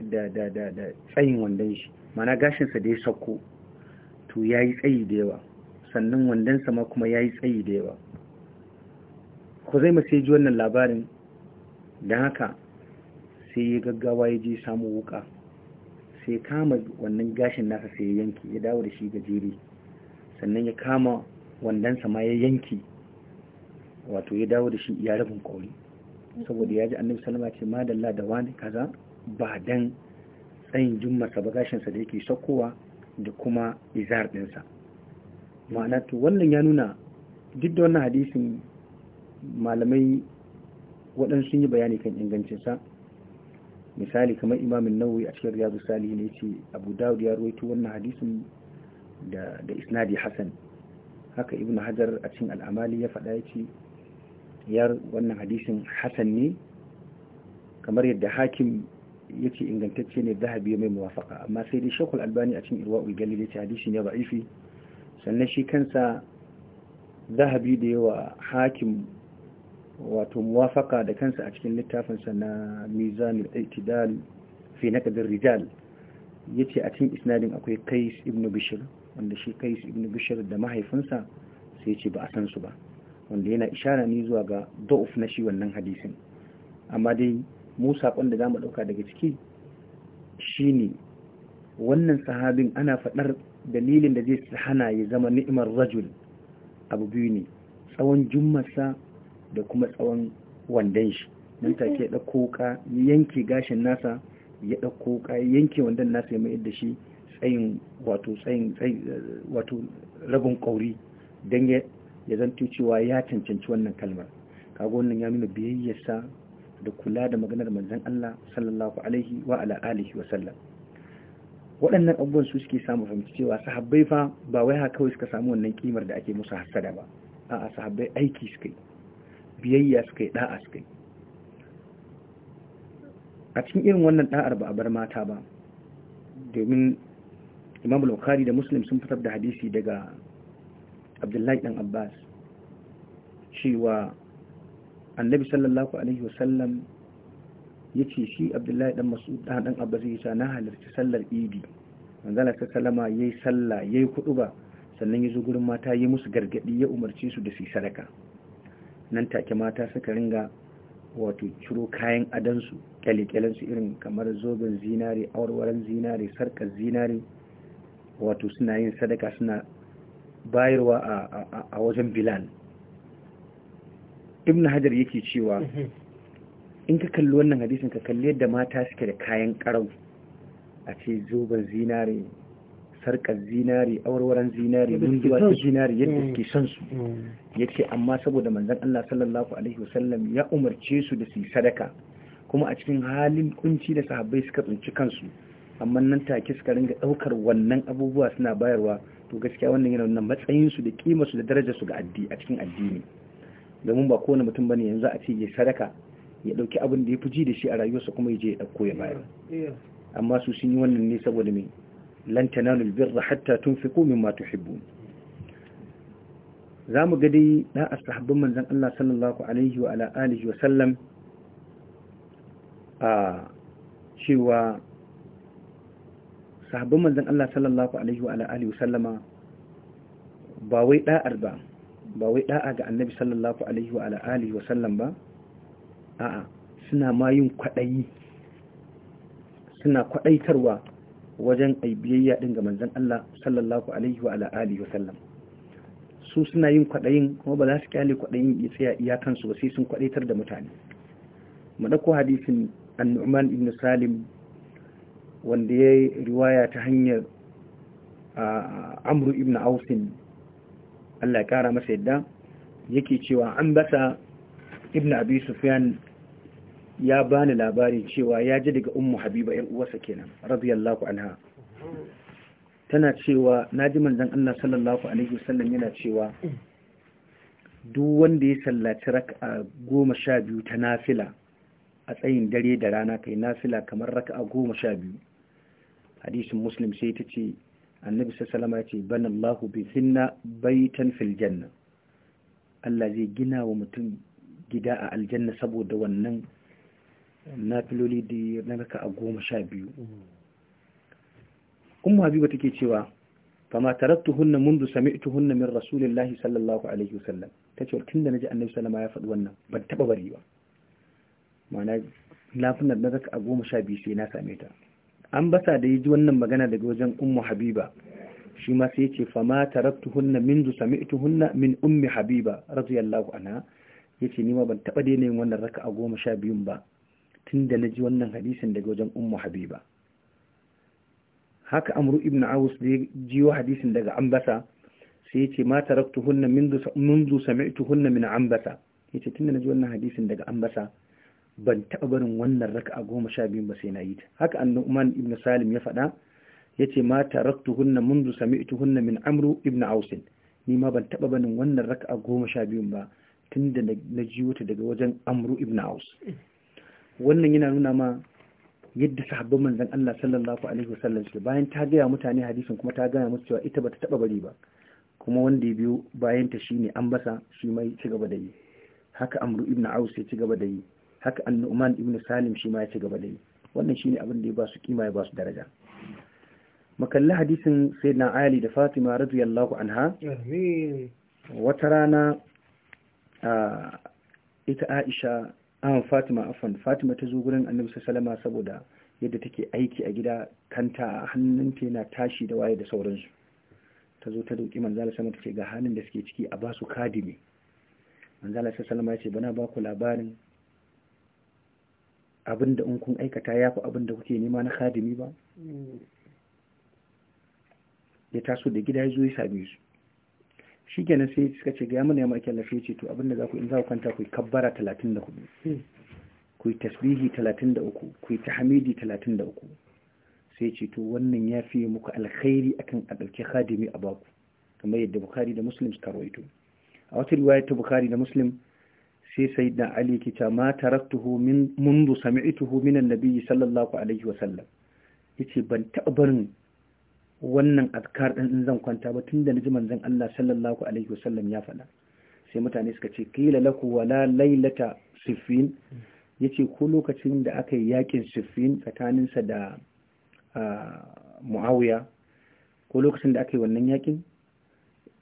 da da da tsayin wandon shi mana gashinsa da ya sauko to ya yi tsayi da yawa sannan wandonsa ma kuma ya yi tsayi da yawa ko zai masu ji wannan labarin da haka sai ya gaggawa ya je samu wuka sai kama wannan gashin nasa sai ya yanki ya dawo da shi gajere sannan ya kama wandonsa ma ya yanki wato ya dawo da shi ya rabin koli saboda ya ji annabi salama ce madalla da wani kaza ba dan tsayin jummarsa bagashinsa da yake sakowa da kuma izar ɗinsa ma'ana to wannan ya nuna duk da wannan hadisin malamai waɗansu yi bayani kan ingancinsa misali kamar imamin nawawi a cikin riyadu sali ya ce abu dawud ya ruwaito wannan hadisin da isnadi hassan haka ibn hajar a cikin al'amali ya faɗa ya ce yar wannan hadisin hassan ne kamar yadda hakim yake ingantacce ne zahabi mai muwafaka amma sai dai shakul albani a cikin irwa ulgali da ce hadisi ne ba'ifi sannan shi kansa zahabi da yawa hakim wato muwafaka da kansa a cikin littafinsa na Mizami itidal fi naqdir rijal yace a cikin isnadin akwai kais ibn bishr wanda shi kais ibn bishr da mahaifinsa sai yace ba a san su ba wanda yana ishara ne zuwa ga da'uf na shi wannan hadisin amma dai mu saƙon da za mu ɗauka daga ciki shine wannan sahabin ana faɗar dalilin da zai hana ya zama ni'imar rajul abu biyu ne tsawon jummarsa da kuma tsawon wandon shi nan mm-hmm. take ya ɗauko ka yanke gashin nasa ya ɗauko ka yanke wandon nasa ya mayar da shi tsayin wato tsayin wato rabin ƙauri don ya zanto cewa ya cancanci wannan kalmar kago wannan ya nuna biyayyarsa da kula da maganar manzan Allah sallallahu alaihi wa ala alihi wa sallam waɗannan abubuwan su suke samu fahimci cewa sahabbai fa ba wai haka kawai suka samu wannan kimar da ake musu hasada ba a'a sahabbai aiki suka yi biyayya suka yi ɗa'a suka yi a cikin irin wannan ɗa'ar ba a bar mata ba domin imam bukhari da muslim sun fitar da hadisi daga abdullahi dan abbas cewa annabi sallallahu alaihi wasallam ya ce shi abdullahi dan mas'ud dan dan abbas na halarci sallar idi manzala ta salama yayi sallah yayi ba sannan ya zo gurin mata yi musu gargadi ya umarce su da su sadaka nan take mata suka ringa wato ciro kayan su adansu su irin kamar zoben zinare awarwaran zinare sarkar zinare wato suna yin sadaka suna bayarwa a wajen bilal ibn hajar yake cewa mhm. in ka kalli wannan hadisin ka kalli yadda mata suke da kayan karau a ce zoban zinare sarkar zinare awarwaran zinare munduwa ta zinare yadda mm. suke son su mm. ya ce amma saboda manzan Allah sallallahu alaihi wasallam ya umarce su da su yi sadaka kuma a cikin halin kunci da sahabbai suka tsinci kansu amma nan take suka ringa daukar wannan abubuwa suna bayarwa to gaskiya wannan yana wannan matsayin su da kima su da darajar su ga addini a cikin addini domin ba kowane mutum bane yanzu a ce ya sadaka ya dauki abin da ya fi ji da shi a rayuwarsa kuma ya je ya dauko ya bayar amma su sun yi wannan ne saboda me lan tanalul birra hatta tunfiqu mimma tuhibbun zamu ga dai da ashabban manzon Allah sallallahu alaihi wa ala alihi wa sallam a cewa sahabban manzon Allah sallallahu alaihi wa ala alihi wa sallama ba wai da'ar ba ba wai da'a ga annabi sallallahu alaihi wa alihi wa sallam ba a'a suna ma yin kwadayi suna kwadaitarwa wajen aibiyayya din ga manzon Allah sallallahu alaihi wa alihi wa sallam su suna yin kwadayin kuma ba za su kyale kwadayin ya tsaya iyakan ba sai sun kwadaitar da mutane mu dauko hadisin an-Nu'man ibn Salim wanda ya riwaya ta hanyar Amru ibn Ausin Allah ya kara masa yadda yake cewa an basa ibn abi sufyan ya bani labari cewa ya ji daga ummu habiba yan uwarsa kenan radiyallahu anha tana cewa naji manzon Allah sallallahu alaihi wasallam yana cewa duk wanda ya sallaci raka'a goma sha ta nafila a tsayin dare da rana kai nafila kamar raka'a goma sha biyu hadisin muslim sai ta ce annabi sallama ya ce bana Allahu bi hinna baitan fil janna Allah zai gina wa mutum gida a aljanna saboda wannan nafiloli da na raka a goma sha biyu ummu habiba take cewa fama hunna mundu hunna min rasulillahi sallallahu alaihi wasallam tace tunda naji annabi sallama ya faɗi wannan ban taba bari ba ma'ana nafilar na raka a goma sha biyu sai na same ta an basa da ya ji wannan magana daga wajen ummu habiba shi ma sai ce fama taraktuhunna min sami'tuhunna min ummi habiba radiyallahu anha yace ni ma ban taba daina yin wannan raka'a goma sha biyun ba tunda naji wannan hadisin daga wajen ummu habiba haka amru ibn aus da ya jiyo hadisin daga ambasa sai yace ma taraktuhunna min sami'tuhunna min ambasa yace tunda naji wannan hadisin daga ambasa ban taɓa barin wannan raka'a goma sha biyun ba sai na yi ta haka annu umar ibn salim ya faɗa ya ce ma taraktuhunna mundu hunna min amru ibn ausin ni ma ban taɓa barin wannan raka'a goma sha biyun ba tun da na ji wata daga wajen amru ibn aus wannan yana nuna ma yadda sahabban zan Allah sallallahu alaihi wasallam ce bayan ta gaya mutane hadisin kuma ta gaya musu cewa ita bata taɓa bari ba kuma wanda ya biyo bayanta ta shine an basa shi mai ci gaba da yi haka amru ibn aus ya ci gaba da yi haka annu'man ibn salim shi ma ya ci gaba da yi wannan shine abin da ya ba su kima ya ba su daraja makalla hadisin sayyidina ali da fatima radiyallahu anha wata rana ita aisha an fatima afan fatima ta zo gurin annabi sallama saboda yadda take aiki a gida kanta a hannunta yana tashi da waye da sauransu ta zo ta doki manzala sama ta ce ga halin da suke ciki a ba su kadimi manzala sallama ya ce bana ba ku labarin abin da in kun aikata ya fi abin da kuke nema na khadimi ba ya taso da gida ya zo ya sami su shi kenan sai suka ce ga mana ya maki Allah ce to abin da za ku in za ku kwanta ku yi kabbara 34 ku yi tasbihi 33 ku yi tahmidi 33 sai ce to wannan ya fi muku alkhairi akan a ɗauki khadimi a baku kamar yadda bukhari da muslim suka rawaito a wata riwaya ta bukari da muslim sai da ali ta, ma taraktuhu min mundu sami'tuhu min annabi sallallahu alaihi wasallam yace ban taɓa barin wannan azkar din in zan kwanta ba tunda naji manzon Allah sallallahu alaihi wasallam ya faɗa sai mutane suka ce qila lahu wala laylata siffin yace ko lokacin da aka yi yakin siffin tsakaninsa da muawiya ko lokacin da aka yi wannan yakin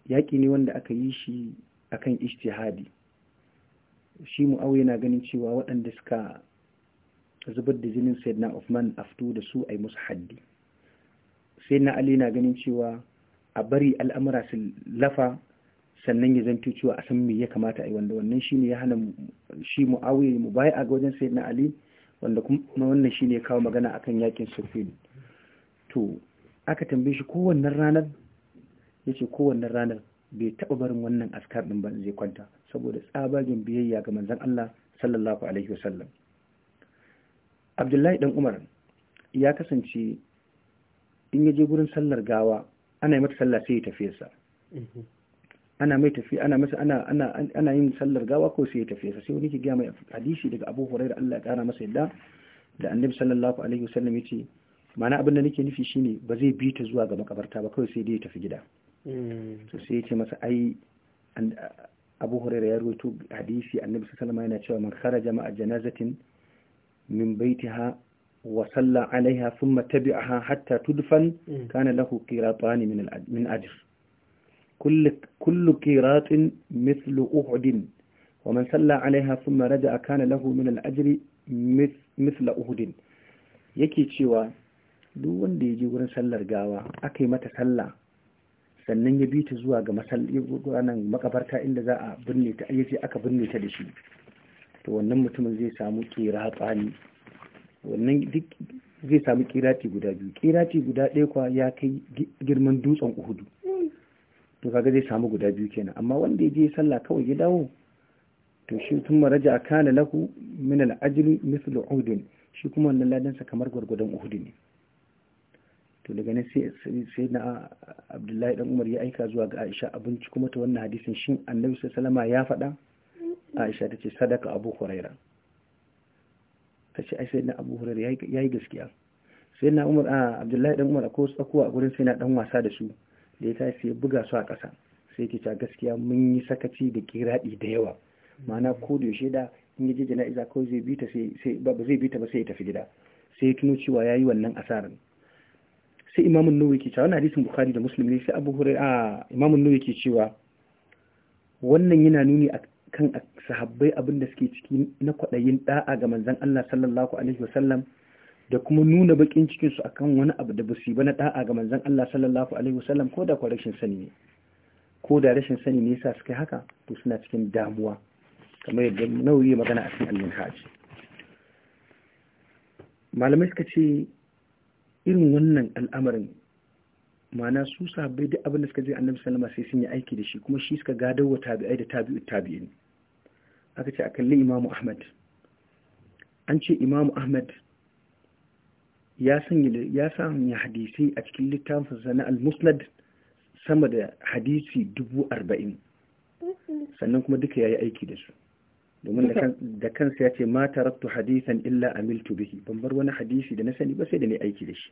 yaki ne wanda aka yi shi akan ijtihadi shi mu'awi yana ganin cewa waɗanda suka zubar da jinin sayyidina Uthman a fito da su a yi musu haddi sayyidina Ali yana ganin cewa a bari al'amura su lafa sannan ya zanto cewa a san me ya kamata a yi wanda wannan shine ya hana shi mu'awi mu baya a wajen sayyidina Ali wanda kuma wannan shine ya kawo magana akan yakin Sufin. to aka tambaye shi kowanne ranar yace kowanne ranar bai taɓa barin wannan askar ɗin ba zai kwanta saboda tsabagen biyayya ga manzon Allah sallallahu alaihi wasallam Abdullahi dan Umar ya kasance in yaje gurin sallar gawa ana yi mata sallah sai ya tafi sa ana mai tafi ana masa ana ana ana yin sallar gawa ko sai ya tafi sa sai wani ke ga mai hadisi daga Abu Hurairah Allah ya kara masa yadda da Annabi sallallahu alaihi wasallam yace mana abin da nake nufi shine ba zai bi ta zuwa ga makabarta ba kawai sai dai ya tafi gida hmm. to sai yace masa ai abu hurairah ya rawaito hadisi annabi sallallahu alaihi yana cewa man kharaja ma'a janazatin min baitiha wa salla alaiha thumma tabi'aha hatta tudfan mm. kana lahu qiratan min min ajr kullu kullu qiratin mithlu uhud wa man salla alaiha thumma raja'a kana lahu min al-ajri mithla uhud yake cewa duk wanda ya je wurin sallar gawa akai mata sallah sannan ya bi ta zuwa ga masallaci makabarta inda za a binne ta yace aka binne ta da shi to wannan mutumin zai samu kiratsani wannan duk zai samu kirati guda biyu kirati guda ɗaya kwa ya kai girman dutsen uhudu to kaga zai samu guda biyu kenan amma wanda ya je sallah kawai ya dawo to shi tun maraja kana lahu min al-ajli mithlu uhud shi kuma wannan sa kamar gwargwadon Uhudu ne to daga nan sai na abdullahi dan umar ya aika zuwa ga aisha abinci kuma ta wannan hadisin shin annabi salama ya faɗa aisha ta ce sadaka abu huraira ta ce aisha na abu huraira ya yi gaskiya sai na umar a abdullahi dan umar akwai tsakuwa a gurin sai na dan wasa da su da ya tashi ya buga su a ƙasa sai ke ta gaskiya mun yi sakaci da kiraɗi da yawa ma'ana ko da yaushe da in ya je jana'iza kawai zai bi ta ba zai bi ta ba sai ya tafi gida sai ya tuno cewa yi wannan asarar sai imamun nawawi ke cewa wannan hadisin bukhari da muslim ne sai abu hurairah a imamun nawawi ke cewa wannan yana nuni kan sahabbai abin da suke ciki na kwaɗayin ɗa'a ga manzan Allah sallallahu alaihi wasallam da kuma nuna bakin cikinsu akan wani abu da busi yi ba na ɗa'a ga manzan Allah sallallahu alaihi wasallam ko da rashin sani ne ko da rashin sani ne yasa suka haka to suna cikin damuwa kamar yadda nauyi magana a cikin al Haji. malamai suka ce irin wannan al'amarin mana su sabai duk abin da suka je annabi sallama sai sun yi aiki da shi kuma shi suka gado wa tabi'ai da tabi'u tabi'in aka ce a kalli imamu ahmad an ce imamu ahmad ya sanya hadisai a cikin littafin na al-musnad sama da hadisi dubu arba'in sannan kuma duka ya yi aiki da su domin da kansa ya ce ma taraktu hadisan illa amiltu bihi ban bar wani hadisi da na sani ba sai da ne aiki da shi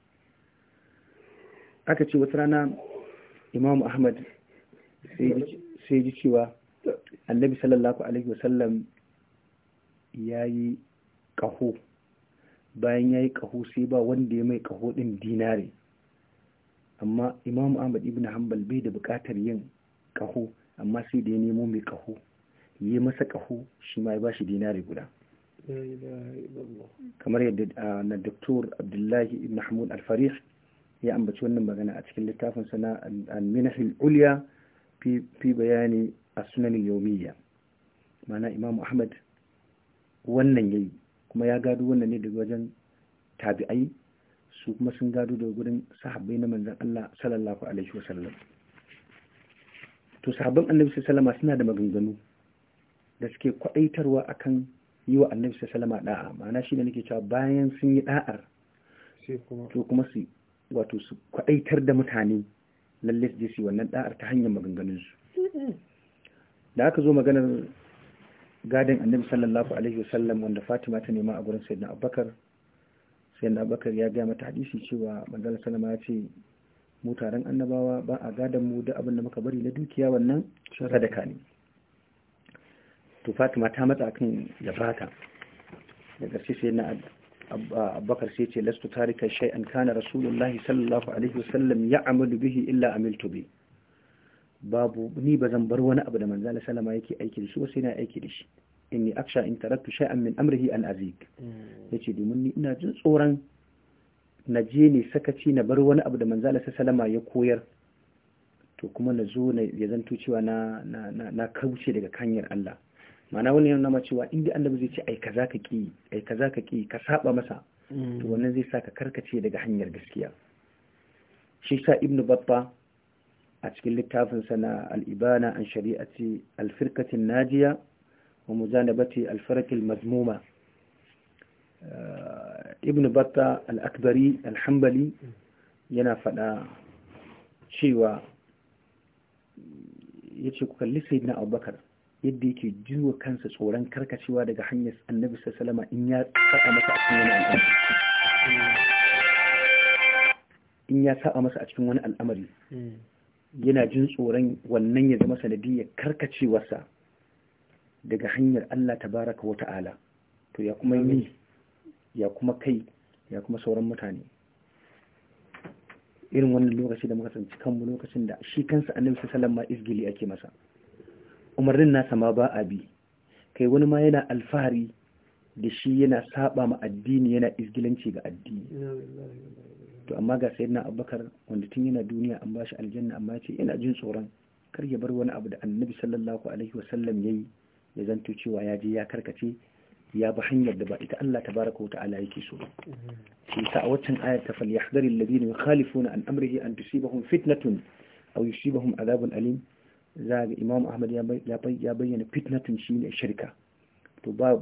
aka ce wata rana imamu ahmad sai ji cewa annabi sallallahu alaihi wasallam ya yi ƙaho bayan ya yi ƙaho sai ba wanda ya mai ƙaho ɗin dinare amma imamu ahmad ibn hanbal bai da buƙatar yin ƙaho amma sai da ya nemo mai ƙaho yi masa ƙahu shi ma ya ba bashi dinari guda kamar yadda ah, na doktor abdullahi ibn hamud al-farih ya ambaci wannan magana a cikin littafin sana al-minahil ulya fi bayani a sunanin yomiya mana imam ahmad wannan yayi kuma ya gado wannan ne daga wajen tabi'ai su kuma sun gado daga gudun sahabbai na manzan Allah sallallahu alaihi wasallam to sahabban annabi sallallahu suna da maganganu da suke kwadaitarwa akan yi wa annabi salama da'a ma'ana shine nake cewa bayan sun yi da'ar to kuma su wato su kwadaitar da mutane lalle su je su wannan da'ar ta hanyar maganganun su da aka zo maganar gadin annabi sallallahu alaihi wasallam wanda Fatima ta nema a gurin Sayyidina Abubakar Sayyidina Abubakar ya ga mata hadisi cewa manzon sallama ya ce mu taron annabawa ba a gadan mu da abin da muka bari na dukiya wannan sadaka ne to fatima ta matsa kan ya bata da gaske sai na abubakar sai ce lastu tarika an kana rasulullahi sallallahu alaihi wasallam ya amalu bihi illa amiltu bi babu ni bazan bar wani abu da manzala sallama yake aiki da shi wasu yana aiki da shi inni aksha in taraktu shay'an min amrihi an azik hmm. yace domin ni ina jin tsoron na je ne sakaci na bar wani abu da manzala sallama ya koyar to kuma na zo ya zanto cewa na kauce daga kanyar Allah mana wani yana nama cewa inda annabi zai ce ai kaza ka za ka ki ka saba masa mm. to wannan zai sa saka karkace daga hanyar gaskiya shi sa Ibn babba a cikin littafin sa na al an shari'ati ce najiya wa muzanabati al mazmuma uh, Ibn babba al-akbari alhambali yana faɗa cewa ya yace kukalli kalli na abubakar yadda yake jiwa kansa tsoron karkacewa daga hanyar annabi sallama in ya saba masa a cikin wani al'amari in ya saba masa a cikin wani al'amari hmm. yana jin tsoron wannan ya zama sanadiyar karkacewarsa daga hanyar Allah tabaraka wa ta'ala to ya kuma ni ya kuma kai ya kuma sauran mutane irin wannan lokaci da muka tsanci kanmu lokacin da shi kansa annabi sallallahu alaihi wasallam ma izgili ake masa umarnin nasa ma ba a bi kai wani ma yana alfahari da shi yana saba ma addini yana izgilanci ga addini to amma ga na abubakar wanda tun yana duniya an shi aljanna amma ce yana jin tsoron kar ya bar wani abu da annabi sallallahu alaihi wasallam yayi ya zanto cewa ya je ya karkace ya bi hanyar da ba ita Allah tabaraka ta'ala yake so mm-hmm. shi sa a waccan ayar ta falyahdharil alladhina yukhalifuna an amrihi an tusibahum fitnatun aw yusibahum adabun alim za ga imam ahmad ya bayyana fitnatun shi ne shirka to ba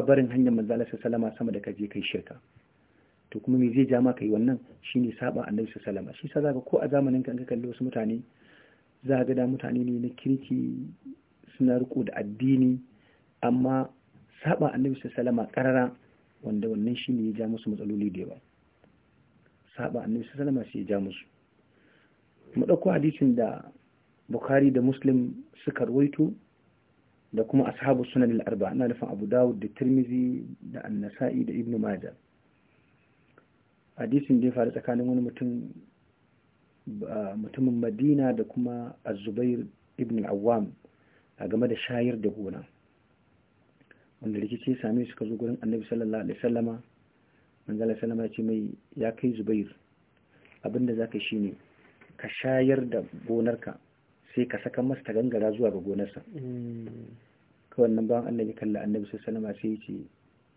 barin hanyar manzala salama sama da kaje kai shirka to kuma me zai ja maka kai wannan ne saba annabi salama shi sa zaka ko a zamanin kan ka kalli wasu mutane za ga da mutane ne na kirki suna riko da addini amma saba annabi salama karara wanda wannan ne ya ja musu matsaloli da yawa saba annabi salama shi ya ja musu mu ɗauko hadisin da bukhari da muslim suka ruwaito da kuma ashabu sunan al-arba ana nufin abu dawud da tirmizi da annasa'i da Ibn maja hadisin da ya faru tsakanin wani mutum mutumin madina da kuma azubair ibn awam a game da shayar da gona wanda rikici ya same suka zo gurin annabi sallallahu alaihi sallama manzala sallama ya ce mai ya kai zubair abinda za ka shi ne ka shayar da gonarka sai ka saka masa ta gangara zuwa ga gonarsa mm. kawai nan bayan Allah ya kalla annabi sai salama sai ya ce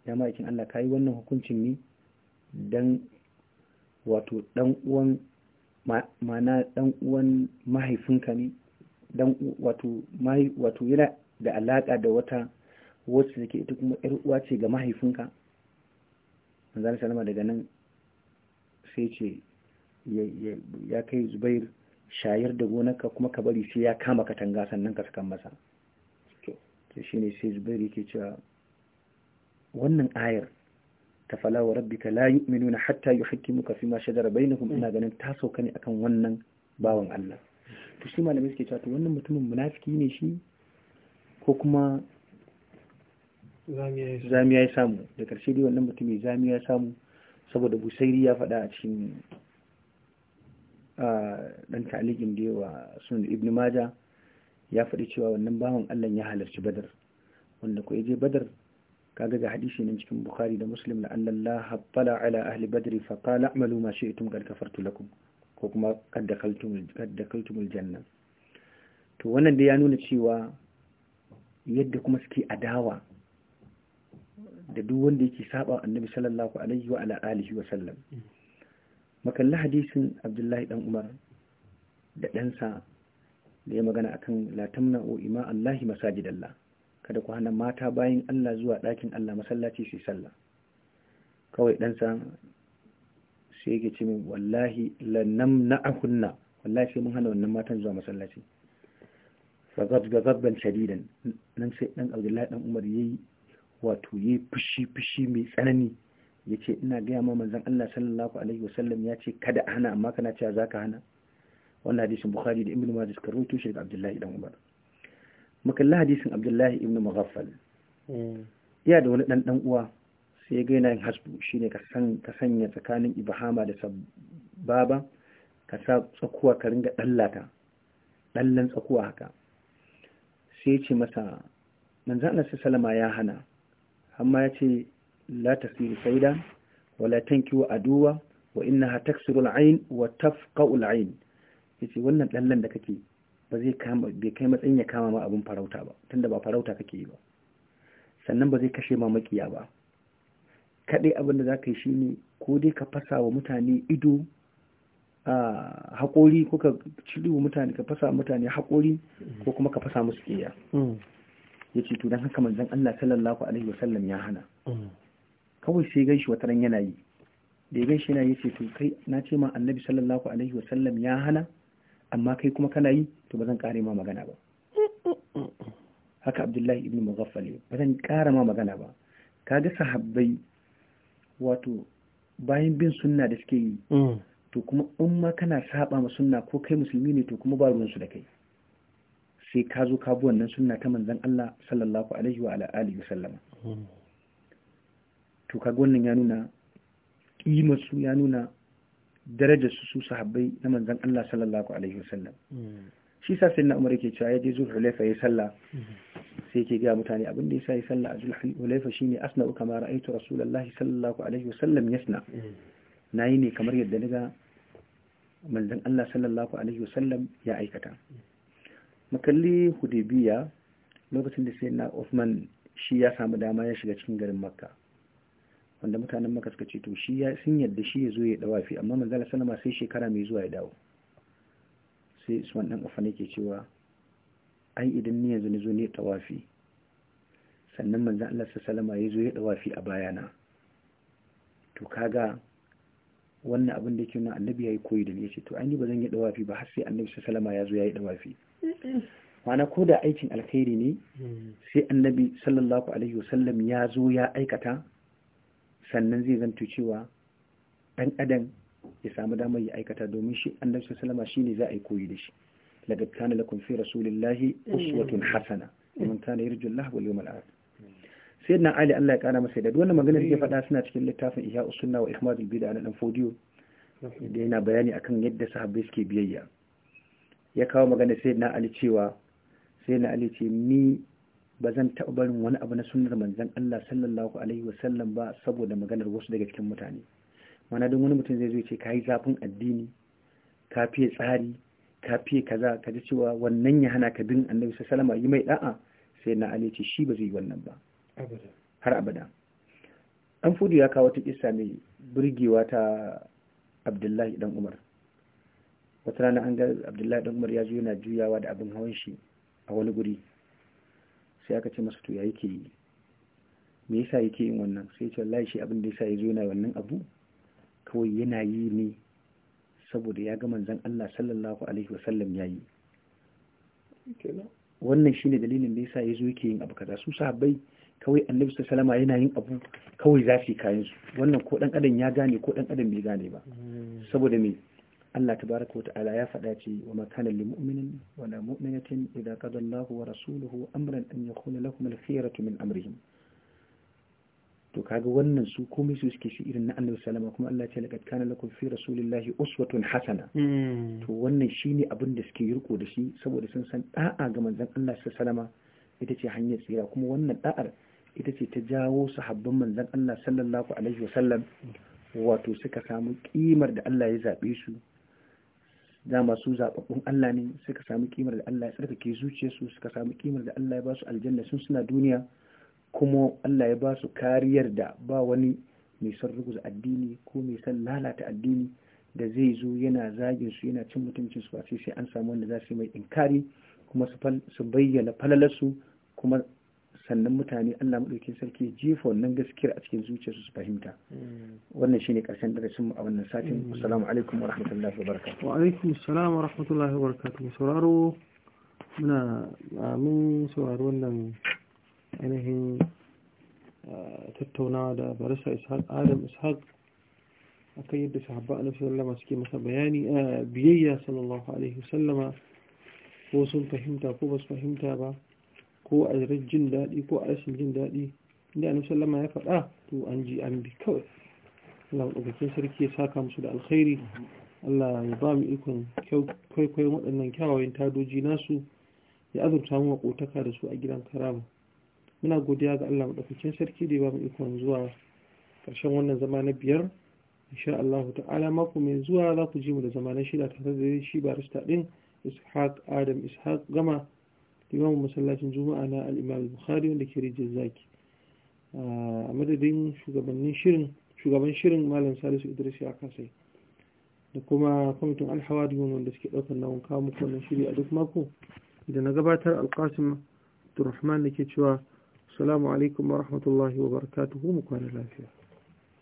ya ma'aikin Allah ka yi wannan hukuncin ne don wato dan uwan ma'ana dan uwan mahaifinka ne dan wato wato yana da alaƙa da wata wacce ke ita kuma ƴar uwa ce ga mahaifinka manzon salama daga nan sai ce ya kai zubairu. shayar da gonarka kuma ka bari sai ya kama katanga sannan ka sakan masa to ne sai zubairu yake cewa wannan ayar ta falawa rabbika la yu'minuna hatta fi fima shajara bainahum ina ganin ta sauka ne akan wannan bawan Allah to shi malamai suke cewa to wannan mutumin munafiki ne shi ko kuma zamiya ya samu da karshe dai wannan mutumin zamiya ya samu saboda busairi ya faɗa a cikin dan talikin da yawa sun ibn maja ya faɗi cewa wannan bawan allah ya halarci badar wanda ku je badar Ka ga hadisi nan cikin bukhari da muslim la allah habbala ala ahli badri fa qala a'malu ma shi'tum qad kafartu lakum ko kuma qad dakhaltum qad janna to wannan da ya nuna cewa yadda kuma suke adawa da duk wanda yake saba annabi sallallahu alaihi wa ala alihi wa sallam makalla hadisin abdullahi dan umar da ɗansa da ya magana akan latamna o ima allahi masajidallah kada ku hana mata bayan allah zuwa ɗakin allah masallaci su sallah kawai ɗansa sai yake ce min wallahi lannam na'ahunna wallahi sai mun hana wannan matan zuwa masallaci fagab gababban shadidan nan sai ɗan abdullahi ɗan umar yayi wato yayi fushi fushi mai tsanani ya ce ina gaya ma manzan Allah sallallahu alaihi wasallam ya ce kada a hana amma kana cewa za ka hana wannan hadisin bukhari da ibn majah karu rawaito shi daga abdullahi dan umar makalla hadisin abdullahi ibn mughaffal hmm. ya da wani dan dan uwa sai ya ga yana yin hasbu shine ka san ka sanya tsakanin ibahama da sababa ka sa tsakuwa ka ringa dallata dallan tsakuwa haka sai ya ce masa manzan Allah sallallahu alaihi ya hana amma ya ce la tasiru saida wala tankiu aduwa wa innaha taksiru al'ain wa tafqa'u al'ain yace wannan dallan da kake ba zai kama bai kai matsayin ya kama ma abun farauta ba tunda ba farauta kake yi ba sannan ba zai kashe ma makiya ba kadai abin da zaka yi shine ko dai ka fasa wa mutane ido a ko ka ciri wa mutane ka fasa mutane hakori ko kuma ka fasa musu ƙiya ya ce to don haka manzon Allah sallallahu alaihi wasallam ya hana kawai sai gan shi wataran yana yi da ya gan shi yana yi ce to kai na ce ma annabi sallallahu alaihi wasallam ya hana amma kai kuma kana yi to ba zan kare ma magana ba haka abdullahi ibn mughaffal ba zan kara ma magana ba ka ga sahabbai wato bayan bin sunna da suke yi mm. to kuma in ma kana saba ma sunna ko kai musulmi ne to kuma ba ruwan su da kai sai ka zo ka bi wannan sunna ta manzon Allah sallallahu alaihi wa alihi wa sallama mm. to kaga wannan ya nuna su ya nuna darajar su su sahabbai na manzan Allah sallallahu alaihi wasallam mm. shi sa sai na umar yake cewa ya je zuwa hulaifa ya salla mm-hmm. sai yake ga mutane abin da yasa ya salla a zuwa hulaifa shine asna u kamar ra'aytu rasulullahi sallallahu alaihi wasallam yasna mm. nayi ne kamar yadda daga manzan Allah sallallahu alaihi wasallam ya aikata makalli mm. hudebiya lokacin da sai na Uthman shi ya samu dama ya shiga cikin garin Makka wanda mutanen maka suka ce to shi ya sun yadda shi ya zo ya fi amma manzala sallama sai shekara mai zuwa ya dawo sai usman dan affan ke cewa ai idan ni yanzu ni zo ne dawafi sannan manzan Allah salama ya zo ya dawafi a bayana to kaga wannan abin da yake nuna annabi yayi koyi da ni yace to ai ni bazan yi dawafi ba har sai annabi salama ya zo ya yi dawafi mana ko da aikin alkhairi ne hmm. sai annabi sallallahu alaihi wasallam ya zo ya aikata sannan zai zanto cewa ɗan adam ya samu damar ya aikata domin shi annabi salama shi ne za a yi koyi da shi laqad kana lakum fi rasulillahi uswatun hasana liman kana yarju lahabar yau yawmal sai yadda ali Allah ya kara masa da wannan magana ya faɗa suna cikin littafin iya usunna wa ihmadul bid'a da dan fodiyo da yana bayani akan yadda sahabbai suke biyayya ya kawo magana yadda ali cewa sai yadda ali ce ni ba zan taɓa barin wani abu na sunnar manzan Allah sallallahu alaihi wasallam ba saboda maganar wasu daga cikin mutane mana don wani mutum zai zo ce ka yi zafin addini ka fiye tsari ka fiye kaza ka ji cewa wannan ya hana ka bin annabi sallama yi mai da'a sai na ali ce shi ba zai yi wannan ba har abada an fudu ya kawo ta kissa mai burgewa ta abdullahi dan umar wata rana an ga abdullahi dan umar ya zo yana juyawa da abin hawan shi a wani guri sai aka ce masa to ya yake yi me yasa yake yin wannan sai ce wallahi shi abin da yasa yazo yana wannan abu kawai yana yi ne saboda ya ga manzon Allah sallallahu alaihi wa ya yayi wannan shine dalilin da yasa yazo yake yin abu kaza su sahabbai kawai annabi sallam yana yin abu kawai zafi kayan su wannan ko dan adam ya gane ko dan adam bai gane ba hmm. saboda me Allah tabaraka wata'ala ya faɗa ce wa makanan lil mu'minin wa mu'minatin idan qada wa rasuluhu amran ɗan ya lahum al-khiyaratu min to kaga wannan su komai su suke shi irin na Annabi salama kuma Allah ce laqad kana lakum fi rasulillahi uswatun hasana hmm. to wannan shine abin da suke yurko da shi saboda sun san da'a ga manzon Allah salama ita ce hanyar tsira kuma wannan da'ar ita ce ta jawo sahabban manzon Allah sallallahu alaihi wasallam wato suka samu ƙimar da Allah ya zaɓe su da masu zaɓaɓɓun Allah ne suka samu kimar da Allah ya tsarkake zuciyarsu suka samu kimar da Allah ya ba su aljanna sun suna duniya kuma Allah ya ba su kariyar da ba wani mai son ruguza addini ko mai son lalata addini da zai zo yana zagin su yana cin mutuncin su ba sai an samu wanda za su yi mai inkari kuma su bayyana falalarsu kuma sannan mutane Allah maɗaukin sarki jefa wannan gaskiyar a cikin zuciyarsu su fahimta hmm. wannan shine karshen darasin mu a wannan satin hmm. assalamu alaikum wa rahmatullahi wa barakatuh wa alaikum assalam wa rahmatullahi wa barakatuh sauraro muna amin sauraro wannan ainihin tattaunawa da barisa ishaq adam ishaq akan yadda sahabba ala sallama suke masa bayani biyayya sallallahu alaihi wasallama ko sun fahimta ko ba su fahimta ba ko a jin daɗi ko a rashin jin daɗi inda annabi sallama ya faɗa to an ji an bi kawai Allah ɗaukakin sarki ya saka musu da alkhairi Allah ya ba mu ikon kwaikwayon waɗannan kyawawan tadoji nasu ya azurta mu makotaka da su a gidan karama muna godiya ga Allah maɗaukakin sarki da ya ba mu ikon zuwa karshen wannan zama na biyar insha Allah ta'ala mako mai zuwa za ku ji mu da zama na shida tare da shi barista din Ishaq Adam Ishaq Gama limamin masallacin juma'a na al'imam bukhari wanda ke rijiyar zaki a madadin shugaban shirin malam salisu idris ya kasai da kuma kwamitin alhawadin wanda suke ɗaukar nawon kawo muku wannan shiri a duk mako da na gabatar alkasim abdurrahman da ke cewa salamu alaikum wa rahmatullahi wa barakatuhu mu kwana lafiya